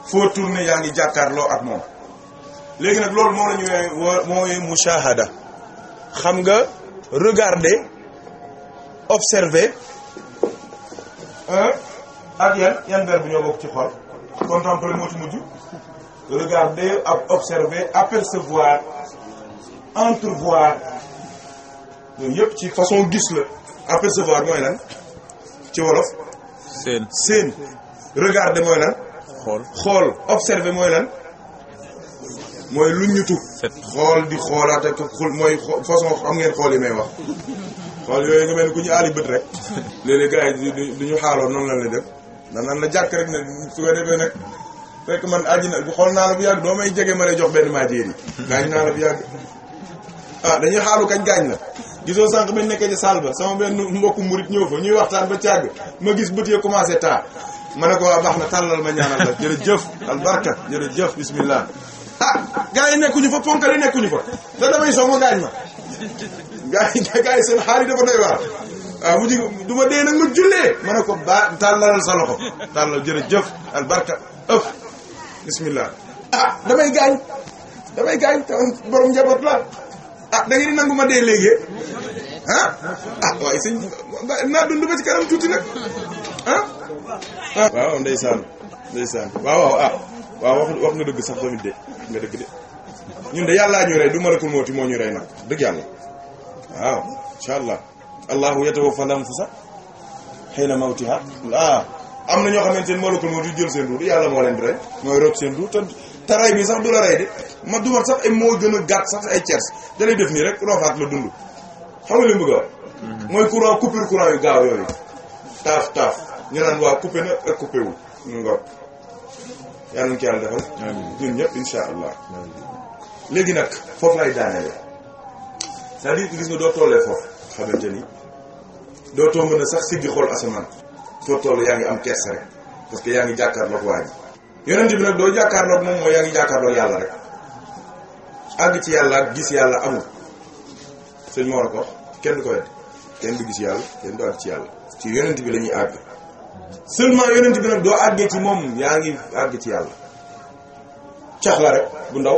foo tourné yaa ngi jàkkaarloo ak moom léegi nag loolu moo la ñu mooy mushahada xam nga regarder observer Euh, ak yan yan verbe ñoo bokk ci xol contempler moo ci mujj regarder ak observer apercevoir entrevoir yooyu yëpp ci façon gis la apercevoir mooy lan ci wolof. seen seen regarder mooy lan. xool xool observer mooy lan mooy luññutu. xool di xoolaat ak xul mooy façon xam ngeen xool yi may wax. xool yooyu nga mel ni ku ñu aali bët rek léeg-léeg gars du ñu xaaloo noonu la lay def da naan la jàkk rek ne su ko defee nag fekk man àddina bi xool naa la bu yàgg doo may jege ma lay jox benn matière yi gaañ naa la bu yàgg ah dañuy xaalu kañ gaañ la gisoo sànq bañ nekkee saal salle ba sama benn mbokku murit ñëw fa ñuy waxtaan ba càgg ma gis bët yee commencé taa ma ne ko waa baax na tàllal ma ñaanal la jërëjëf albarka jërëjëf bismillah ah gars yi nekkuñu fa ponkali nekkuñu fa da damay song gaañ ma gaa yi gaa yi seen xaal dafa doy waar waaw ah, mu ji du ma dee nag ma jullee ma ne ko ba tàllalal sa loxo tàllal jërëjëf albarka ëf bismillah ah damay gaañ damay gaañ te njaboot la ah da ngeen nangu ma dee léegi ah ah waaye sëñ naa dund ba ci kanam tuuti nag ah, ah. waaw ndeysaan ndeysaan ah. wax nga dëgg sax tamit de nga dëgg de ñun de yàllaa ñu rey du malakul mooti moo ñu rey nag dëgg yàlla waaw incha allah allahu yatawaffa al-anfusa hiina mawtihaa ah am na ñoo xamante ni malakul mawt du jël seen ruur yàlla moo leen di rey mooy root seen ruur te rey bi sax du la rey de ma du sax moo gën a gàtt sax ay cers da def nii rek roofaat la dund xam nga bëgg a mhm. mooy courant coupure yu gaaw yooyu taaf taaf ñu naan waa coupé na ak coupé wul ñu ngoog yàlla nañu ko yàlla defal. ñun ñëpp incha allah. léegi nag foofu lay daanelee. c'est-à-dire gis doo tollee foofu xamante ni doo too mën a sax siggi xool asamaan yaa ngi am kersa rek que yaa ngi jàkkaarloog waa ji bi nag doo jàkkaarloog moom mooy yaa ngi jàkkaarloog yàlla rek ci yàlla gis yàlla amul sëñ moo ko kenn du ko wet kenn du gis yàlla kenn du àgg ci yàlla ci àgg seulement doo moom yaa ngi àgg ci yàlla cax rek bu ndaw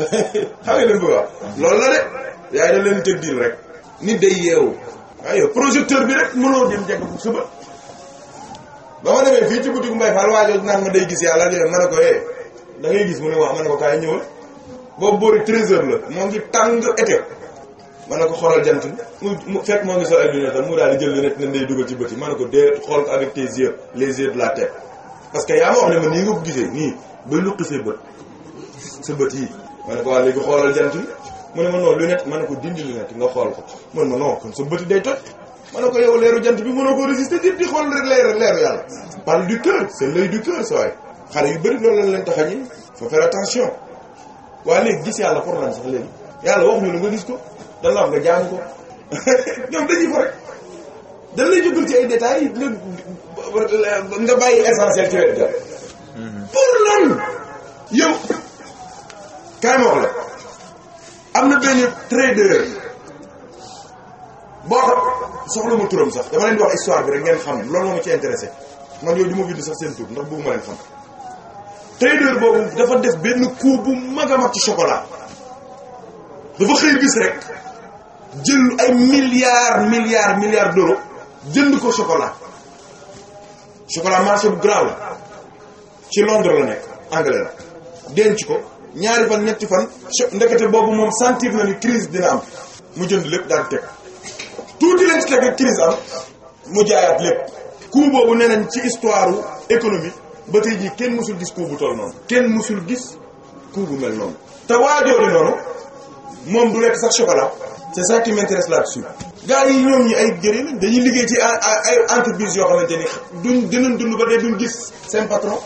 xam nga leen bëgg wax loolu la de yaay da leen tëddil rek nit day yeewu waaye projecteur bi rek mënoo dem jekk bu suba ba ma demee fii ci boutique Mbaye Fall ma day gis yàlla de ma ne ko eh, gis mu ne wax ma ne ko kaay ñëwal boobu boori treize heures moo ngi tàng ma ne ko xoolal jant bi mu moo ngi sol ay lunettes mu jël lunette ne day dugal ci bët yi ma ne ko xool avec tes les yeux de que yaa ma wax nii nga ko gisee nii bay luqi say bët sa bët yi ma ne ko waa léegi xoolal jant bi mu ne ma non lunette ma ne ko dindi lunette nga xool ko mu ne ma non kon sa bëti day toj ma ne ko yow leeru jant bi mënoo ko résister di di xool rek leer leeru yàlla parle du cœur c'est l'œil du cœur sa waay xale yu bëri loolu lañ leen tax a ñi faut faire attention waaye léegi gis yàlla pour lan sax yàlla wax ñu ne nga gis ko dañ la wax nga jaamu ko ñoom dañuy ko rek dañ lay jógal ci ay détails nga bàyyi essentiel ci wet ga mm-hmm. pour lan yow kaay ma la am na benn trader boo xam soxla mu turam sax dama leen di wax histoire bi rek ngeen xam loolu moo ma ci intéressé man yooyu du ma sax seen tur ndax bëgguma leen xam trader boobu dafa def benn coup bu mag ci chocolat dafa xëy bis rek jël ay milliards milliards milliards jënd ko chocolat chocolat marché bu garaaw la ci Londres la nekk anglais la denc ko ñaari fan ñetti fan ndekete boobu moom sentir na ni crise dina am mu jënd lépp daal teg tuuti leen ci teg ak crise am mu jaayaat lépp coup boobu nee nañ ci histoire économique ba tey jii kenn mësul gis coup bu toll noonu kenn mosul gis coup bu mel noonu te waajoo di noonu moom du lekk sax chocolat c'est ça qui m'intéresse là yi ñoom ñi ay jëriñ lañ dañuy liggéey ci ay entreprise yoo xamante ni duñ dinañ dund ba dee duñ gis seen patron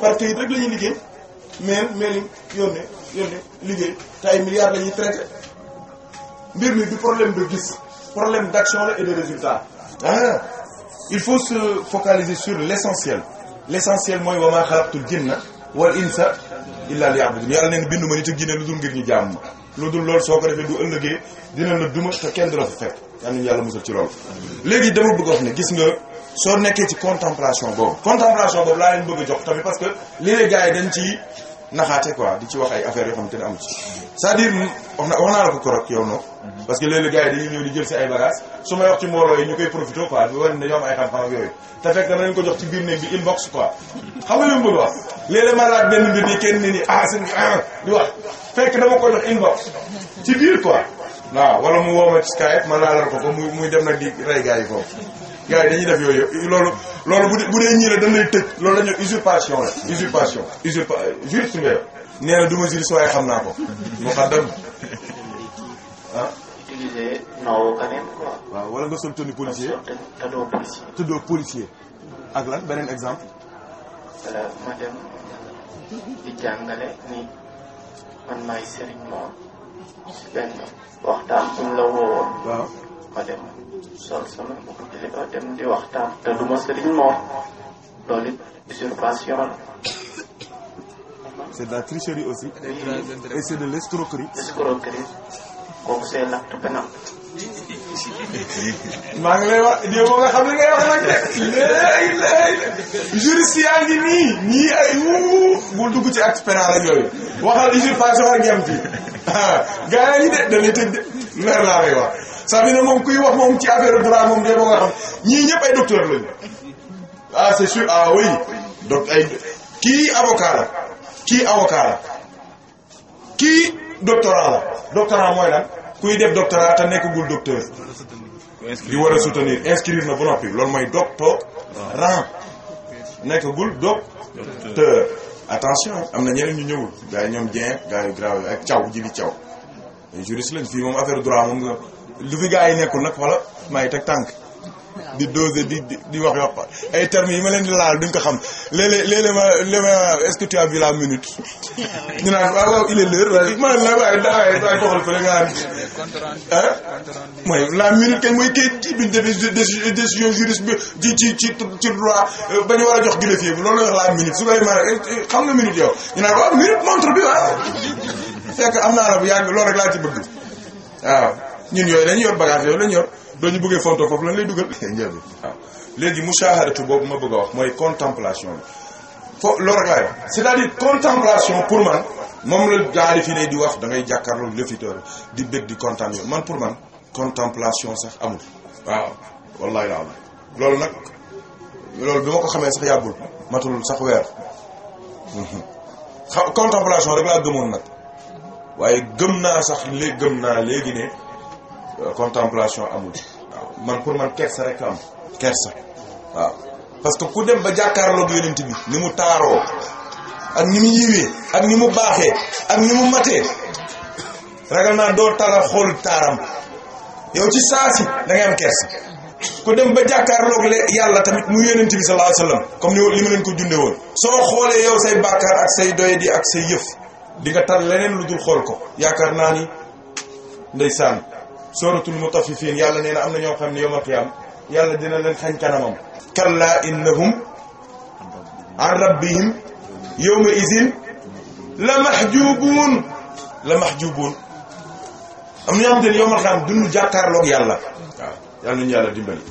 par kayit rek la ñuy maire maire yónnee yónnee liggéey te ay milliards la ñuy traité mbir mi du problème de gis problème d'action la et de résultat ah, il faut se focaliser sur l'essentiel l'essentiel mooy wa maa xalaqtul na wal insa illa liya'budun yàlla neen bindu ma nit ak jinne lu dul ngir ñu jàmm ma lu dul loolu soo ko defee du ëllëgee dina la duma te kenn du la fa fekk yàlla musal ci lool léegi dama bëgg wax ne gis nga soo nekkee ci contemplation boobu contemplation boobu naxaate quoi di ci wax ay affaires yoo xamante ne amu ci c'est-à-dire wax na wax naa la ko korok yow noonu mhm. parce que léeg-léeg yi dañuy ñëw di jël si ay bagages su may wax ci mbooloo yi ñu koy profité quoi di wane ne ñoom ay ko jox ci biir néeg ni ni ah seen ah, ko jox inbox ci biir quoi wala mu woo ma Skype ma laalal ko ko muy dem nag di rey gars yi foofu gars yi dañuy def yooyu yëpp loolu loolu bu dee bu dee ñii la dañ lay tëj loolu la ñuy usurpation la usurpation usurpa juriste nga yow nee na du ma juriste waaye xam naa ko mu xaddam ah. utiliser non kaneen quoi. waaw wala nga sol tenue policier tëddoo policier. tëddoo policier ak lan beneen exemple. voilà ma dem di jàngale ni man maay Serigne Mor benn waxtaan bu ñu la woowoon. waaw ma dem. sol sama mbokk di ko waxtaan te du ma sëriñ loolu usurpation la. c'est de la tricherie aussi. et c'est de l'escroquerie. escroquerie kooku c'est l'acte lay wax yow moo nga xam li wax nag de léegi léegi juriste yaa ngi nii ñii ay wuu bu dugg ci acte pénal ak yooyu waxal usurpation ak yam ci ah gars yi de dañuy tëj leer naa lay sa bi moom kuy wax moom ci affaire droit moom de boo nga xam ñii ñëpp ay docteur lañu ah c'est sûr ah oui donc ay kii avocat la kii avocat la kii doctorat la doctorat mooy lan kuy def doctorat te nekkagul docteur di war a soutenir inscrire na ba noppi loolu mooy doctorant nekkagul docteur attention am na ñeneen ñu ñëwul gars yi ñoom Dieng gars yu grave ak Thiaw ji bi Thiaw fii moom affaire droit moom nga lu fi gaa yi nekkul nag xoola maa ngi teg tànk di dosé di di wax yokk ay termes yi ma leen di laal duñ ko xam léeg-léeg léeg-léeg ma léeg ma est-ce que tu la minute. ñu naan waaw waaw il est l'heure waaye man nag nga naan ah mooy la minute kañ mooy kayit ji biñ defee décision juriste bi ci ci ci ci droit euh, ba ñu war a jox greffier bi loolu la la minute su koy maanaam eh, eh, xam nga minute yow ñu naan waaw minute montre bi waaw am naa la bu yàgg loolu laa ci bëgg waaw. ñun yooyu lañ yor bagage yooyu lañ yor doo ñu bëggee fontoo foofu lañ lay dugal njël bi léegi mushahadatu boobu ma bëgg a wax mooy contemplation bi fo loolu rek laay wax c'est-à-dire contemplation pour man moom la gaari fi ne di wax dangay ngay jàkkaarloo lëfitoor di bëgg di kontaan man pour man contemplation sax amul waaw wallahi la loolu nag loolu bi ma ko xamee sax yàggul matul sax weer contemplation rek laa gëmoon nag waaye gëm naa sax léegi gëm naa léegi ne Euh, contemplation amul waaw man pour man kersa rek am kersa waaw parce que ku dem ba jàkkaarloog yonent bi ni mu taaroo ak ni mu yiwee ak ni mu baaxee ak ni mu matee ragal naa doo tala xool taaram yow ci saasi si ngay am kersa ku dem ba jàkkaar jàkkaarloog le yàlla tamit mu yonent bi sallallahu alayhi comme li ma leen ko junde woon soo xoolee yow say bàkkaar ak say doyadi ak say yëf di nga tal leneen lu dul xool ko yaakaar naa ni ndeysaan sooratul mutaffifin yàlla nee na am na ñoo xam ne yawmal am yàlla dina leen xañ kanamam kallaa innahum an rabbihim yawma izin la mahjubuun la mahjubuun am na ñoo xam te ne yawmal qiyaam jàkkaarloog yàlla waaw yàlla nañu yàlla dimbali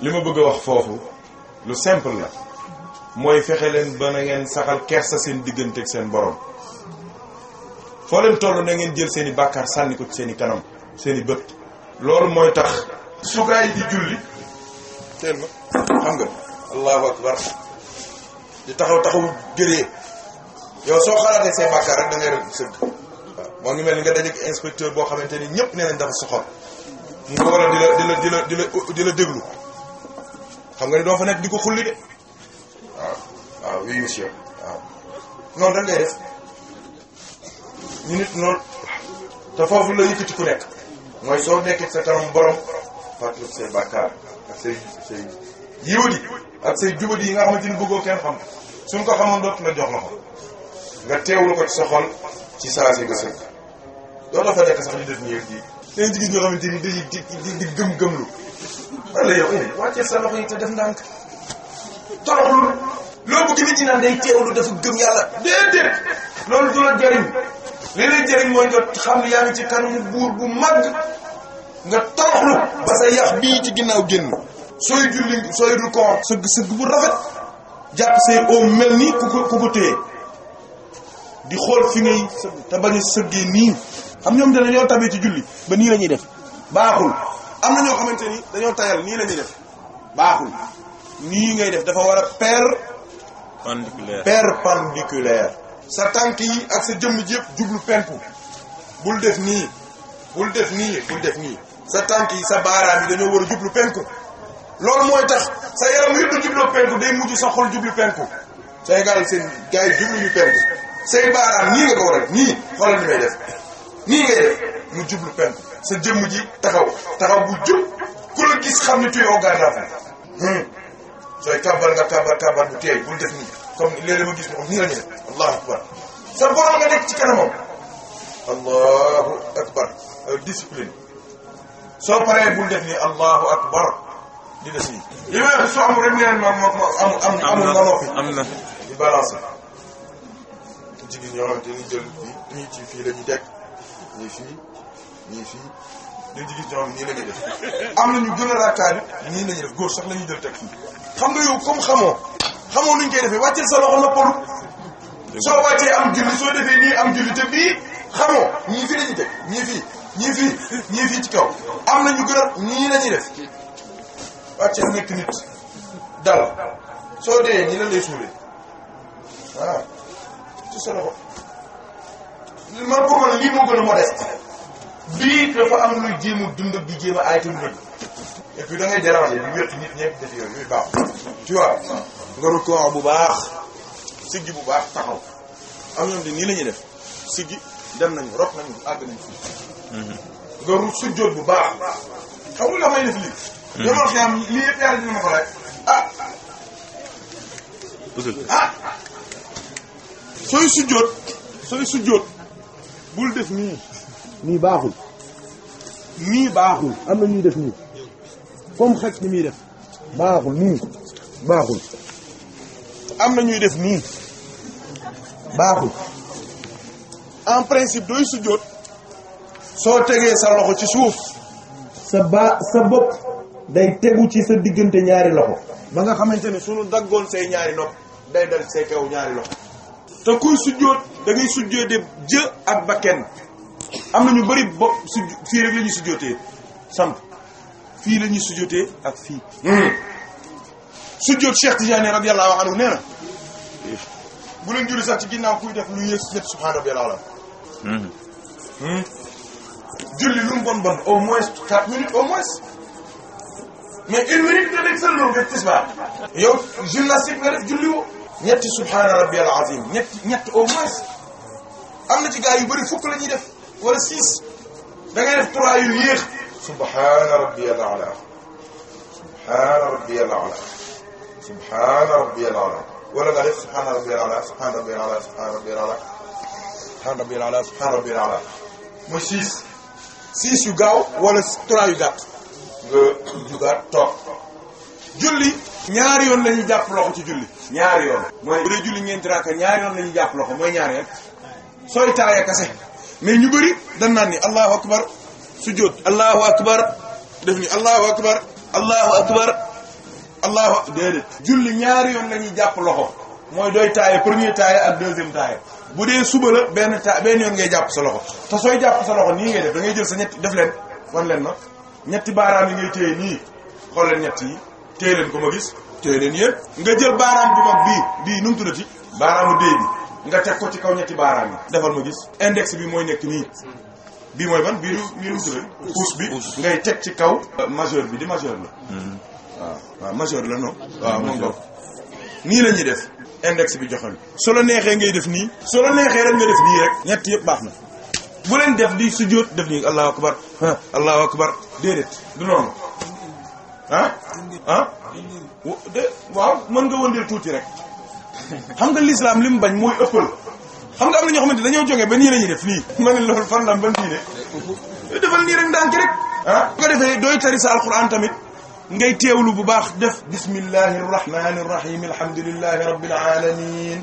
li ma bëgg a wax foofu lu simple la mooy fexe leen ba na ngeen saxal kersa seen diggante ak seen borom foo leen toll na ngeen jël seeni i bàkkaar sànni ko ci seen kanam seen i bët loolu mooy tax su yi di julli teel ma xam nga allahu akbar di taxaw taxaw gëree yow soo xalaatee say bàkkaar rek da ngay sëgg waaw moo ngi mel ni nga dajeek inspecteur boo xamante ni ñëpp nee nañ dafa soxor mu nga war a di la di la di la déglu xam nga ni doo fa nekk di ko xulli de waaw waaw oui monsieur waaw noonu rek ngay ñu nit noonu te foofu la yëkkati ku nekk mooy soo nekkee sa kanam borom fàttali see bàkkaar ak say say yi ak say jubadi yi nga xamante ni bëggoo kenn xam suñ ko xamoon dootu la jox la ko nga teewlu ko sa xol ci saa si nga sëkk doo la fa nekk sax di def ñëw ji leen di di di gëm gëmlu wala yow eh wàccee sa loxo yi te def ndànk toroxlu loolu bu gën a naan day loolu du la jariñ li lay jëriñ mooy nga xam yaa ngi ci kanamu buur bu mag nga toroxlu ba sa yax bii ci ginnaaw génn sooy julli sooy du sëgg sëgg bu rafet jàpp say oom mel ni ku ko ku ko téye di xool fi ngay sëgg te bañ a sëggee nii xam ñoom dana ñoo tabee ci julli ba nii la ñuy def baaxul am na ñoo xamante ni dañoo tayal nii la ñuy def baaxul nii ngay def dafa war a perpendiculaire perpendiculaire sa tànk yi ak sa jëmm ji yëpp jublu penku bul def nii bul def nii bul def nii sa tànk yi sa baaraam yi dañoo war a jublu penku loolu mooy tax sa yaram yëpp du jublu penku day mujj sa xol jublu penku Sénégal seen gars jublu ñu penku say baaraam nii nga ko war a nii xoolal ni may def nii ngay def mu jublu penku sa jëmm ji taxaw taxaw bu jub ku la gis xam ne tuy ogandafa hmm. sooy kàbbar nga kàbbar kàbbar bu teey bul def nii comme léeg-léeg ma gis ne moom nii la ñu ne allahu akbar sa borom nga nekk ci kanamam allahu akbar euh, discipline soo paree bul def nii allahu akbar di des nii li may wax soo ma ma am am amul ma noppi di balancé jigéen ñoo xamante ni jël bi ñii ci fii la ñuy teg ñii fii ñii fii ñu jigéen ñoo xam nii la ñuy na ñu gën la ñuy def góor sax la ñuy jël teg fii xam nga yow comme xamoo xamoo nuñ koy defee wàcceel sa loxo noppalu soo wàccee am julli soo defee nii am julli te bii xamoo ñii fi lañu teg ñii fii ci kaw am na ñu gën a nii lañuy def wàcceel nekk nit dal soo dee ñi lan lay suulee waaw ci sa loxo man pour man lii moo gën a modeste bii dafa am lu jéem a dund bi jéem a aay tamit et puis da ngay déranger di wér nit ñëpp def yooyu baaxul tu bu baax sijji bu baax taxaw am ñoom di nii lañuy def sijji dem nañu rop nañu àgg nañu fii mhm. nga ru sujjóot bu baax xamul la may def lii mhm. yomal xiyam lii yëpp yàlla dina ah. Ah. sooy sujjóot sooy sujjóot bul def nii nii baaxul nii baaxul am na ñuy def nii comme xaj ni muy def baaxul nii baaxul am na ñuy def nii baaxul en principe dooy sujjóot soo tegee sa loxo ci suuf sa ba sa bopp day tegu ci sa diggante ñaari loxo ba nga xamante ne sunu daggoon say ñaari nopp day dal say kaw ñaari loxo te kuy sujjóot da ngay sujjóotee jë ak bakken am na ñu bari bopp su fii rek la sujjóotee samp fii la ñuy sujjóotee ak fii hmm. sujjóot Cheikh Tidiane radiyallahu anhu nee na bu leen julli sax ci ginnaaw kuy def lu yëg ñëpp subhaana rabbil ala hmm. hmm. julli lu mu bon bon au moins quatre minutes au moins mais une minute nga dégg sa loolu nga tisbaar yow gymnastique nga def julli woo ñetti subhaana rabbiyal azim ñetti am na ci gars yu bëri fukk la ñuy def wala six da def trois yu yéex subhaana rabbiyal a'laa subhaana rabbiyal a'laa subhaana rabbiyal a'laa wala nga def subhaana rabbiyal a'laa subhaana rabbiyal a'laa subhaana rabbiyal a'laa subhaana rabbiyal a'laa subhaana rabbiyal a'laa mooy six six yu gaaw wala trois yu gàtt nga jugaat toog julli ñaari yoon lañuy jàpp loxo ci julli ñaari yoon mooy bu dee julli ñeenti raaka ñaari yoon lañuy jàpp loxo mooy ñaari yoon sooy taaya kase mais ñu bëri dañ naan ni allahu akbar sujjóot allahu akbar def ni allahu akbar allahu akbar allahu déedéet julli ñaari yoon la ñuy jàpp loxo mooy doy taaye premier taaye ak deuxième taaye bu dee suba la benn ta benn yoon ngay jàpp sa loxo te sooy jàpp sa loxo nii ngay def da jël sa ñetti def leen wan leen na ñetti baaraam yi ngay téye nii xool leen ñetti yi téye leen ko ma gis téye leen yéen nga jël baaraam bi mag bii bii nu mu tuddati baaraamu dee bi nga teg ko ci kaw ñetti baaraam yi defal gis index bi mooy nekk nii bii mooy ban bii bii nu bi ngay teg ci kaw. majeur bi di majeur la. Mm-hmm. waaw majeur la non. Mm-hmm. waaw moom nga nii la ñuy def. index bi joxoon su la neexee ngay def nii. su la neexee rek nga def nii rek. ñett yëpp baax na bu leen def di sujjóot def nii allahu akbar ah allahu akbar déedéet du noonu ah ah. waaw mën nga wëndeel tuuti rek xam nga lislaam li mu bañ mooy ëppal. xam nga am na ñoo xamante dañoo jógee ba nii la ñuy def nii ma ne loolu far la am ban diine defal nii rek ndànk rek ah bu ko defee dooy tari sa alquran tamit ngay teewlu bu baax def bismillahi arrahmani irrahim alhamdulillahi rabbil alamin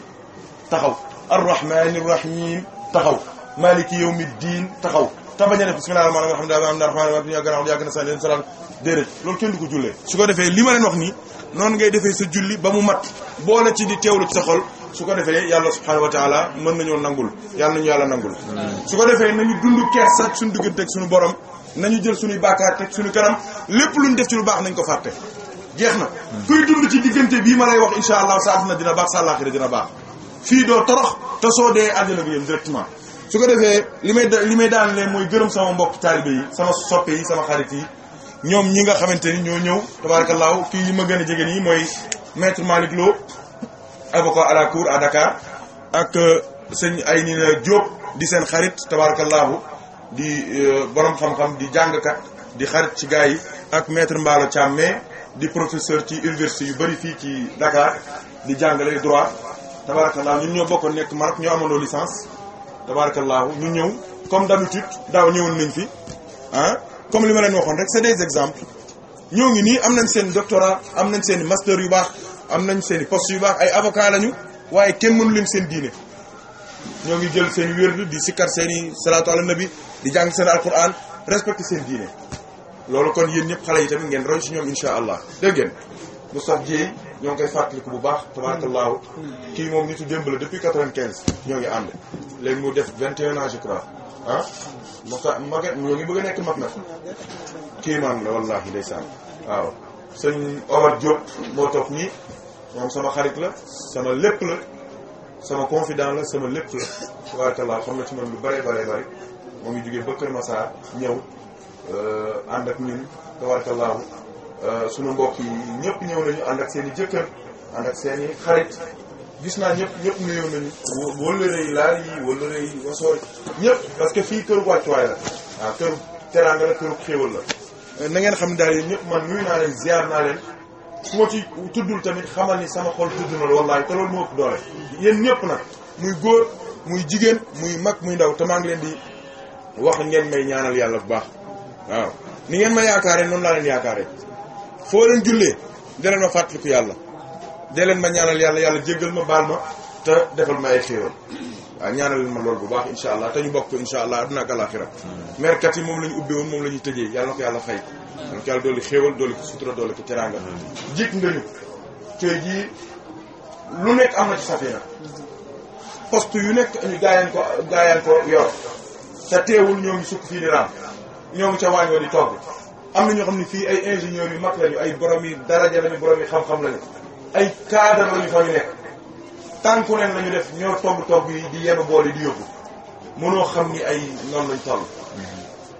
taxaw arrahmani irrahim taxaw maliki yawmiddin taxaw ta ni a def bismillahi rahmaani rahiim alhamdulillahi rabbil alamin yaa gën a yaa gën a sa leen salaam déedéet loolu kenn du ko jullee su ko defee li ma leen wax nii noonu ngay defee sa julli ba mu mat boole ci di teewlu ci sa xol su ko defee yàlla subhaanahu wa taala mën nañoo nangul yàlla nañu yàlla nangul su ko defee nañu dund kersa sax suñu diggante ak suñu borom nañu jël suñu bàkkaar teg suñu kanam lépp lu ñu def ci lu baax nañ ko fàtte jeex na kuy dund ci diggante bii ma lay wax insha allah sa àdduna dina baax sa àllaaxira dina baax fii doo torox te soo dee àdduna bi yem directement su ko defee li may li may daan leen mooy gërëm sama mbokk taalibe yi sama soppe yi sama xarit yi ñoom ñi nga xamante ni ñoo ñëw tabaarakallaahu kii yi ma gën a jege nii mooy maître Malick Lo avocat à la cour à Dakar ak euh, sëñ ay ni na Diop di seen xarit tabarakallahu di euh, borom xam-xam di jàngkat di xarit ci gars yi ak maître Mballo Thiam di professeur ci université yu bëri fii ci Dakar di jàngale droit tabarakallahu ñun ñoo bokkoon nekk ma man ñoo amandoo licence tabarakallahu ñu ñëw comme d'habitude daaw ñëwoon nañ fi ah comme li ma leen waxoon rek c'est des exemples ñoo ngi nii am nañ seen doctorat am nañ seen master yu baax am nañ seen i poste yu baax ay avocat lañu waaye kenn mënu leen seen diine ñoo ngi jël seen wérd di sikkar seen i salaatu ala nabi di jàng seen alquran respecté seen diine loolu kon yéen ñëpp xale yi tamit ngeen roy ci ñoom insha allah dégg mu Moustapha Dieye ñoo ngi koy fàttaliku bu baax tabarakallahu kii moom nitu démb la depuis quatre-vingt-quinze ñoo ngi ànd léegi mu def vingt et un ans je crois ah Moustapha Maguette ñoo ngi bëgg a nekk mag na kii maam la wallahi ndeysaan waaw seen Omar Diop moo toog nii moom sama xarit la sama lépp la sama confident la sama lépp la waaye talaa xam na ci man lu bare bare bare moo ngi jógee ba Kër Massar ñëw euh, ànd ak ñun tabaarakallahu euh, sunu mbokk yi ñëpp ñëw nañu ànd ak seen i jëkkër ànd ak seen i xarit gis naa ñëpp ñëpp nuyoo nañu wëllëree yi yi wëllëree yi wasoor parce que fii kër wàccuwaay la waaw kër teraanga la këru xéewal la na ngeen xam daal yéen ñëpp man nuyu naa leen ziar naa leen su ma ci tuddul tamit xamal ni sama xol tudd na la wallaay te loolu moo ëpp doole yéen ñëpp nag muy góor muy jigéen muy mag muy ndaw te maa ngi leen di wax ngeen may ñaanal yàlla bu baax waaw ni ngeen ma yaakaaree noonu laa leen yaakaaree foo leen jullee de leen ma fàttaliku yàlla de leen ma ñaanal yàlla yàlla jéggal ma baal ma te defal ma ay xéewal waaw ñaanal ma loolu bu baax incha allah te ñu bokk ko incha allah aduna ak alaxira merkat mm. yi moom la ñu ubbee woon moom la ñuy tëjee yàlla ko yàlla fay yàlla na ko yàlla dooli xéewal dooli ko sutura dooli ko teraanga mm. jiit ngañu tey jii lu nekk am na ci safina poste yu nekk ñu gaayaan ko gaayaan ko yor te teewul ñoo ngi sukk fii di raam ñoo ngi ca waañoo di togg am na ñoo xam ne fii ay ingénieurs yu mag lañu ay borom yi daraja lañu borom yi xam-xam lañu ay cadre lañu tànku ren lañu def ñoo togg togg yi di yenu bool yi di yóbbu mënoo xam ni ay noonu lañ toll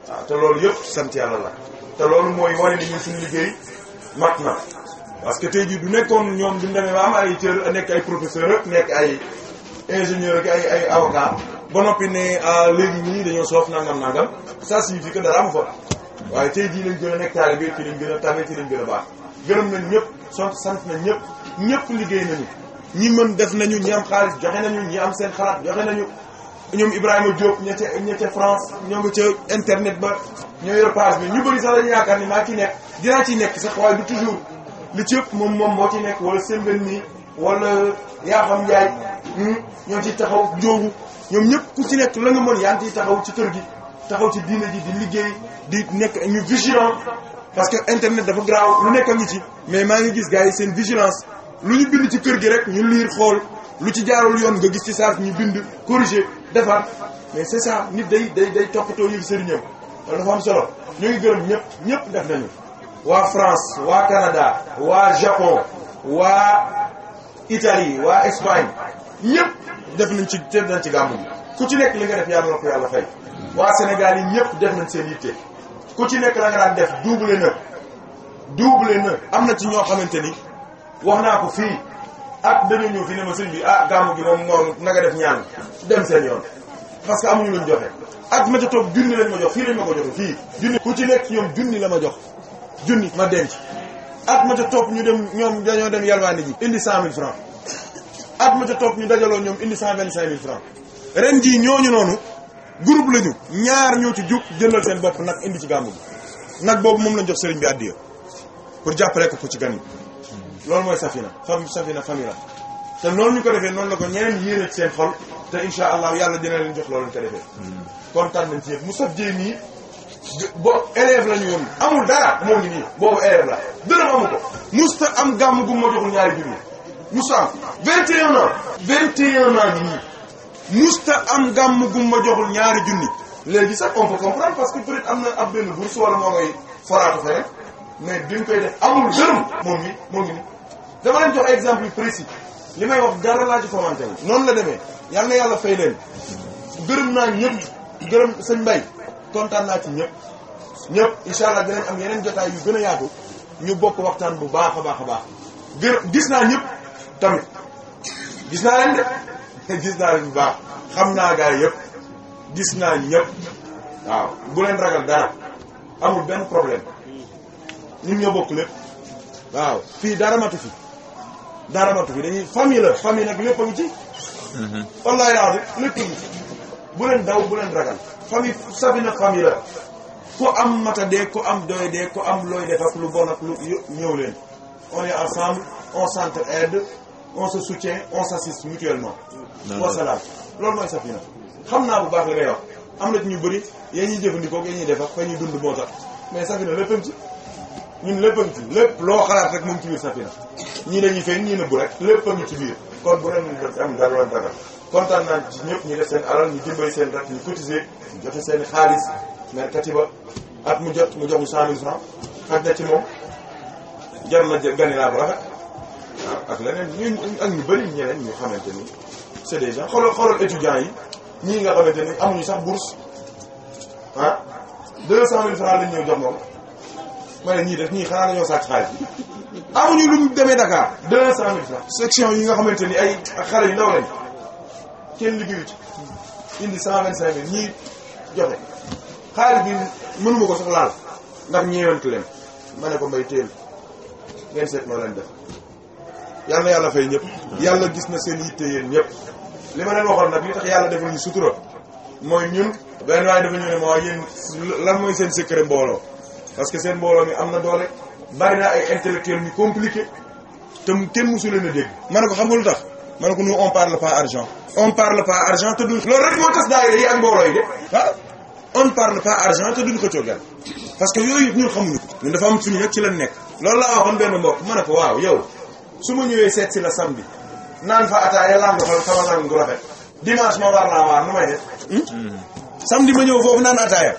waaw te loolu yëpp sant yàlla la te loolu mooy wane ni ñun suñu liggéey mat na parce que tey jii du nekkoon ñoom duñu demee ba am ay cër nekk ay professeur ak nekk ay ingénieur ak ay ay ba noppi ne ah léegi ñii dañoo soof nangam nangam ça signifie que dara amu fa waaye tey jii lañ gën a nekk taalibe ci lañ gën a tame ci lañ gën a baax gërëm nañ ñëpp sant sant nañ ñëpp ñëpp liggéey nañu ñi mën def nañu ñi am xaalis joxe nañu ñii am seen xalaat joxe nañu ñoom Ibrahima Diop ña ca ña ca France ñoo nga ca internet ba ñoo yor bi ñu bëri sax dañu ni maa ci nekk dinaa ciy nekk sax waaye du toujours li ci ëpp mom moom moo ci nekk wala sëlben nii wala yaa xam njaay hmm, ñoo ci taxaw jóobu ñoom ñëpp ku ci nekk la ñu mën yaa ngi ciy taxaw ci kër gi taxaw ci diine ji di liggéey di nekk ñu vigilant parce que internet dafa garaaw lu nekk a ngi ci mais maa ngi gis gars seen vigilance lu ñu bind ci kër gi rek ñu liir xool lu ci jaarul yoon nga gis ci saas ñu bind corriger defar mais c'est ça nit day day day toppatoo yëg sëriñam loolu dafa am solo ñu ngi gërëm ñëpp ñëpp def nañu waa France waa Canada waa Japon waa waa Espagne ñëpp nañ ci def nañ ci gàmmu ku ci nekk li nga def yàlla na ko yàlla fay waa Sénégal yi ñëpp def nañ seen yitte ku ci nekk la nga daan def double na double na am na ci ñoo xamante ni wax naa ko fii ak ah dañu ñëw fi ne ma sëñ bi ah gàmmu gi moom ngoon na nga def ñaan dem seen yoon parce que amuñu luñ joxe at ma ca toog junni lañ ma jox fii lañ ma ko joxe fii junni ku ci nekk ñoom la ma jox junni ma denc at ma ca ñu dem ñoom dañoo dem yalwaani ji indi cent mille francs at ma ca topp ñu dajaloo ñoom indi cent vingt cinq mille francs ren jii ñooñu noonu groupe lañu ñaar ñoo ci jug jëndal seen bopp nag indi ci gàmmu nag boobu moom lañ jox sëriñ bi àddiya pour jàppale ko ko ci gan yi loolu mooy safina fa safina famille la te noonu ñu ko defee noonu la ko ñeneen yéene ci seen xol te insha allah yàlla dina leen jox loolu ñu ko defee hmm. kontaan nañ ci yëpp Moussa Dieye nii bo élève la ñu woon amul dara moo ngi nii boobu élève la dërëm amu ko musta am gàmm gu ma joxul ñaari junni musta am vingt et un ans vingt am gàmm gu ma joxul ñaari junni léegi sax on peut comprendre parce que peut am na ab benn bourse a moo ngay foraatu fe rek mais bi mu koy def amul dërëm dama leen jox exemple yu précis li may wax dara laa ci commenté wu noonu la demee yal na yàlla fay leen gërëm naa ñëpp gërëm sëñ mbay kontaan naa ci ñëpp ñëpp incha allah dinañ am yeneen jotaay yu gën a yaatu ñu bokk waxtaan bu baax a baax a baax gër gis naa ñëpp tamit gis naa leen de gis naa leen baax xam naa gaa yëpp gis naa ñëpp waaw bu leen ragal dara amul benn problème ñun ñoo bokk lépp waaw fii dara matu fi dara matu fi dañuy famille la famille nag lépp a ngi ci. Mhm. wallaahi laa bi lépp ngi bu leen daw bu leen ragal famille Safina famille la ku am mata dee ko am doy dee ku am looy def ak lu bon ak lu ñëw leen. on est ensemble on s'entraide on se soutient on s'assiste mutuellement. wasalaam loolu mooy Safina. xam naa bu baax li ngay wax am na ci ñu bëri yéen ñuy jëfandikoo ak yéen ñuy def ak fa ñuy dund moo tax mais Safina lépp ngi ñun lépp ci lépp loo xalaat rek mu sa ci ñii safina ñii dañuy feeñ ne bu rek lépp a ngi ci biir kon bu ren ñu doon ci am dara dara kontaan naa ci ñëpp ñu def seen alal ñu dimbali seen rak ñu cotiser joxe seen xaalis mais katiba at mu jot mu jox mu cent mille francs xaj na ci moom jar na ganilaa bu ak ñu bëri ñeneen ñu xamante ni c'est des gens xoolal xoolal étudiants yi ñii nga xamante ni amuñu sax bourse ah deux cent mille francs lañ ñëw jox moom ma ñii def ñii xanaa dañoo sàcc xaalis amuñu lu mu demee Dakar deux cent mille francs section yi nga xamante ni ay xale yu ndaw lañ kenn liggéeyu ci indi cent vingt cinq mille ñii joxe xaalis bi mënuma ko sax laal ndax ñeewante leen ma ne ko mbay teel ngeen seet moo leen def yàlla yàlla fay ñëpp yàlla gis na seen yitte yéen ñëpp li ma leen waxoon nag ñu tax yàlla defal ñu sutura mooy ñun benn waaye dafa ñu ne moo yéen lan mooy seen secret mbooloo parce que seen mbooloo mi am na doole bari na ay intellectuels yu compliqué te kenn mësu leen dégg. ma ne ko xam nga lu tax ma ne ko nous on parle pas argent. on parle pas argent ah? on parle pas argent te duñ ko coogal parce que yooyu ñun xamuñu ko. ñun dafa am suñu nekk. loolu laa waxoon benn waaw yow su ma ñëwee seet si la samedi naan fa ataaya langu xol sama langu rafet dimanche ma war naa waar nu may def. Hmm? Hmm. samedi ma ñëw foofu naan ataaya.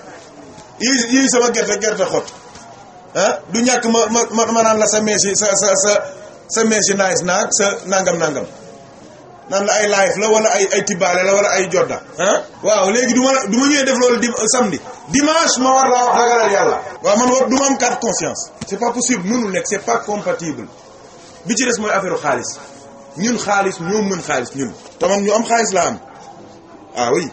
yi yi sama gerte gerte xot du ñàkk ma ma ma naan la sa mees yi sa sa sa sa mees yi naaj naag sa nangam nangam naan la ay live la wala ay ay tibaale la wala ay jodda ah waaw léegi du ma du ma ñëwee def loolu di samedi dimanche ma war laa wax ragalal yàlla. waaw man war du am carte conscience. c'est pas possible mënul nekk c'est pas compatible bi ci des mooy affaire xaalis ñun xaalis ñoo mën xaalis ñun. tamam ñu am xaalis laa am ah oui.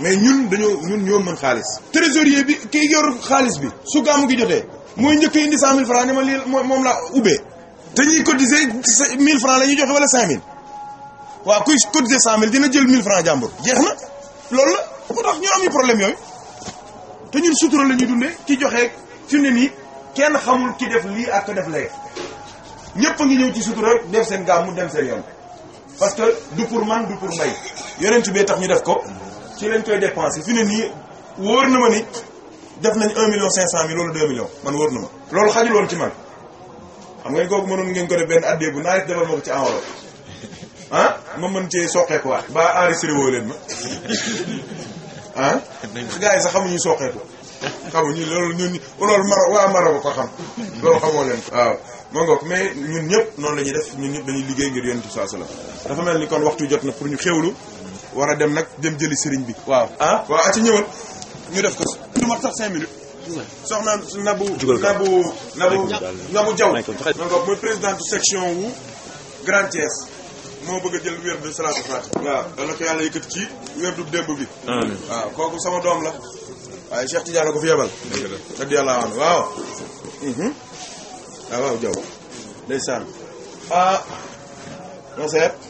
mais ñun dañoo ñun ñoo mën xaalis trésorier bi kiy yor xaalis bi su gàmmu gi jotee mooy njëkk indi cent mille francs ni ma lii moom laa ubbee te ñuy cotiser mille francs la ñuy joxe wala cinq mille waaw kuy cotiser cent mille dina jël mille francs jàmbur jeex na loolu la moo tax ñu am ñu problème yooyu te ñun sutura la ñuy dundee ki joxe fi ne nii kenn xamul ki def lii ak ko def lee ñëpp a ngi ñëw ci sutura def seen gàmmu dem seen yoon parce que du pour man pour mbay yonent bi tax ñu def ko ci lañ koy dépensé fi ne nii wóor na ma ni def nañ un million cinq cent mille loolu deux millions man wóor na ma loolu xajul woon ci man xam ngeen kooku mënoon ngeen ko def benn addee bu naaj defal ma ko ci enveloppe ah ma mën cee soqeeku waat ba enregistré woo leen ma ah gars yi sax xamuñu soqeeku xamuñu loolu ñun loolu mara waa mara ba ko xam loolu xamoo leen ko waaw ma ngoog mais ñun ñëpp noonu la ñuy def ñun ñëpp dañuy liggéey ngir yonent bi sallallahu alayhi dafa mel ni kon waxtu jot na pour ñu xewlu war a dem nag dem jëli sëriñ bi waaw ah waaw aca ñëwal ñu def ko du ma sax cinq minutes soxna Nabou Nabou Nabou Nabou Diaw mooy présidente section wu Grand Thiès moo bëgg a jël weer du salaatu faati waaw ci weer du bi waaw kooku sama doom la waaye Cheikh Tidiane ko fi yebal radi àllahu anu waaw waaw mhm. ah, waaw Diaw ndeysaan ah mon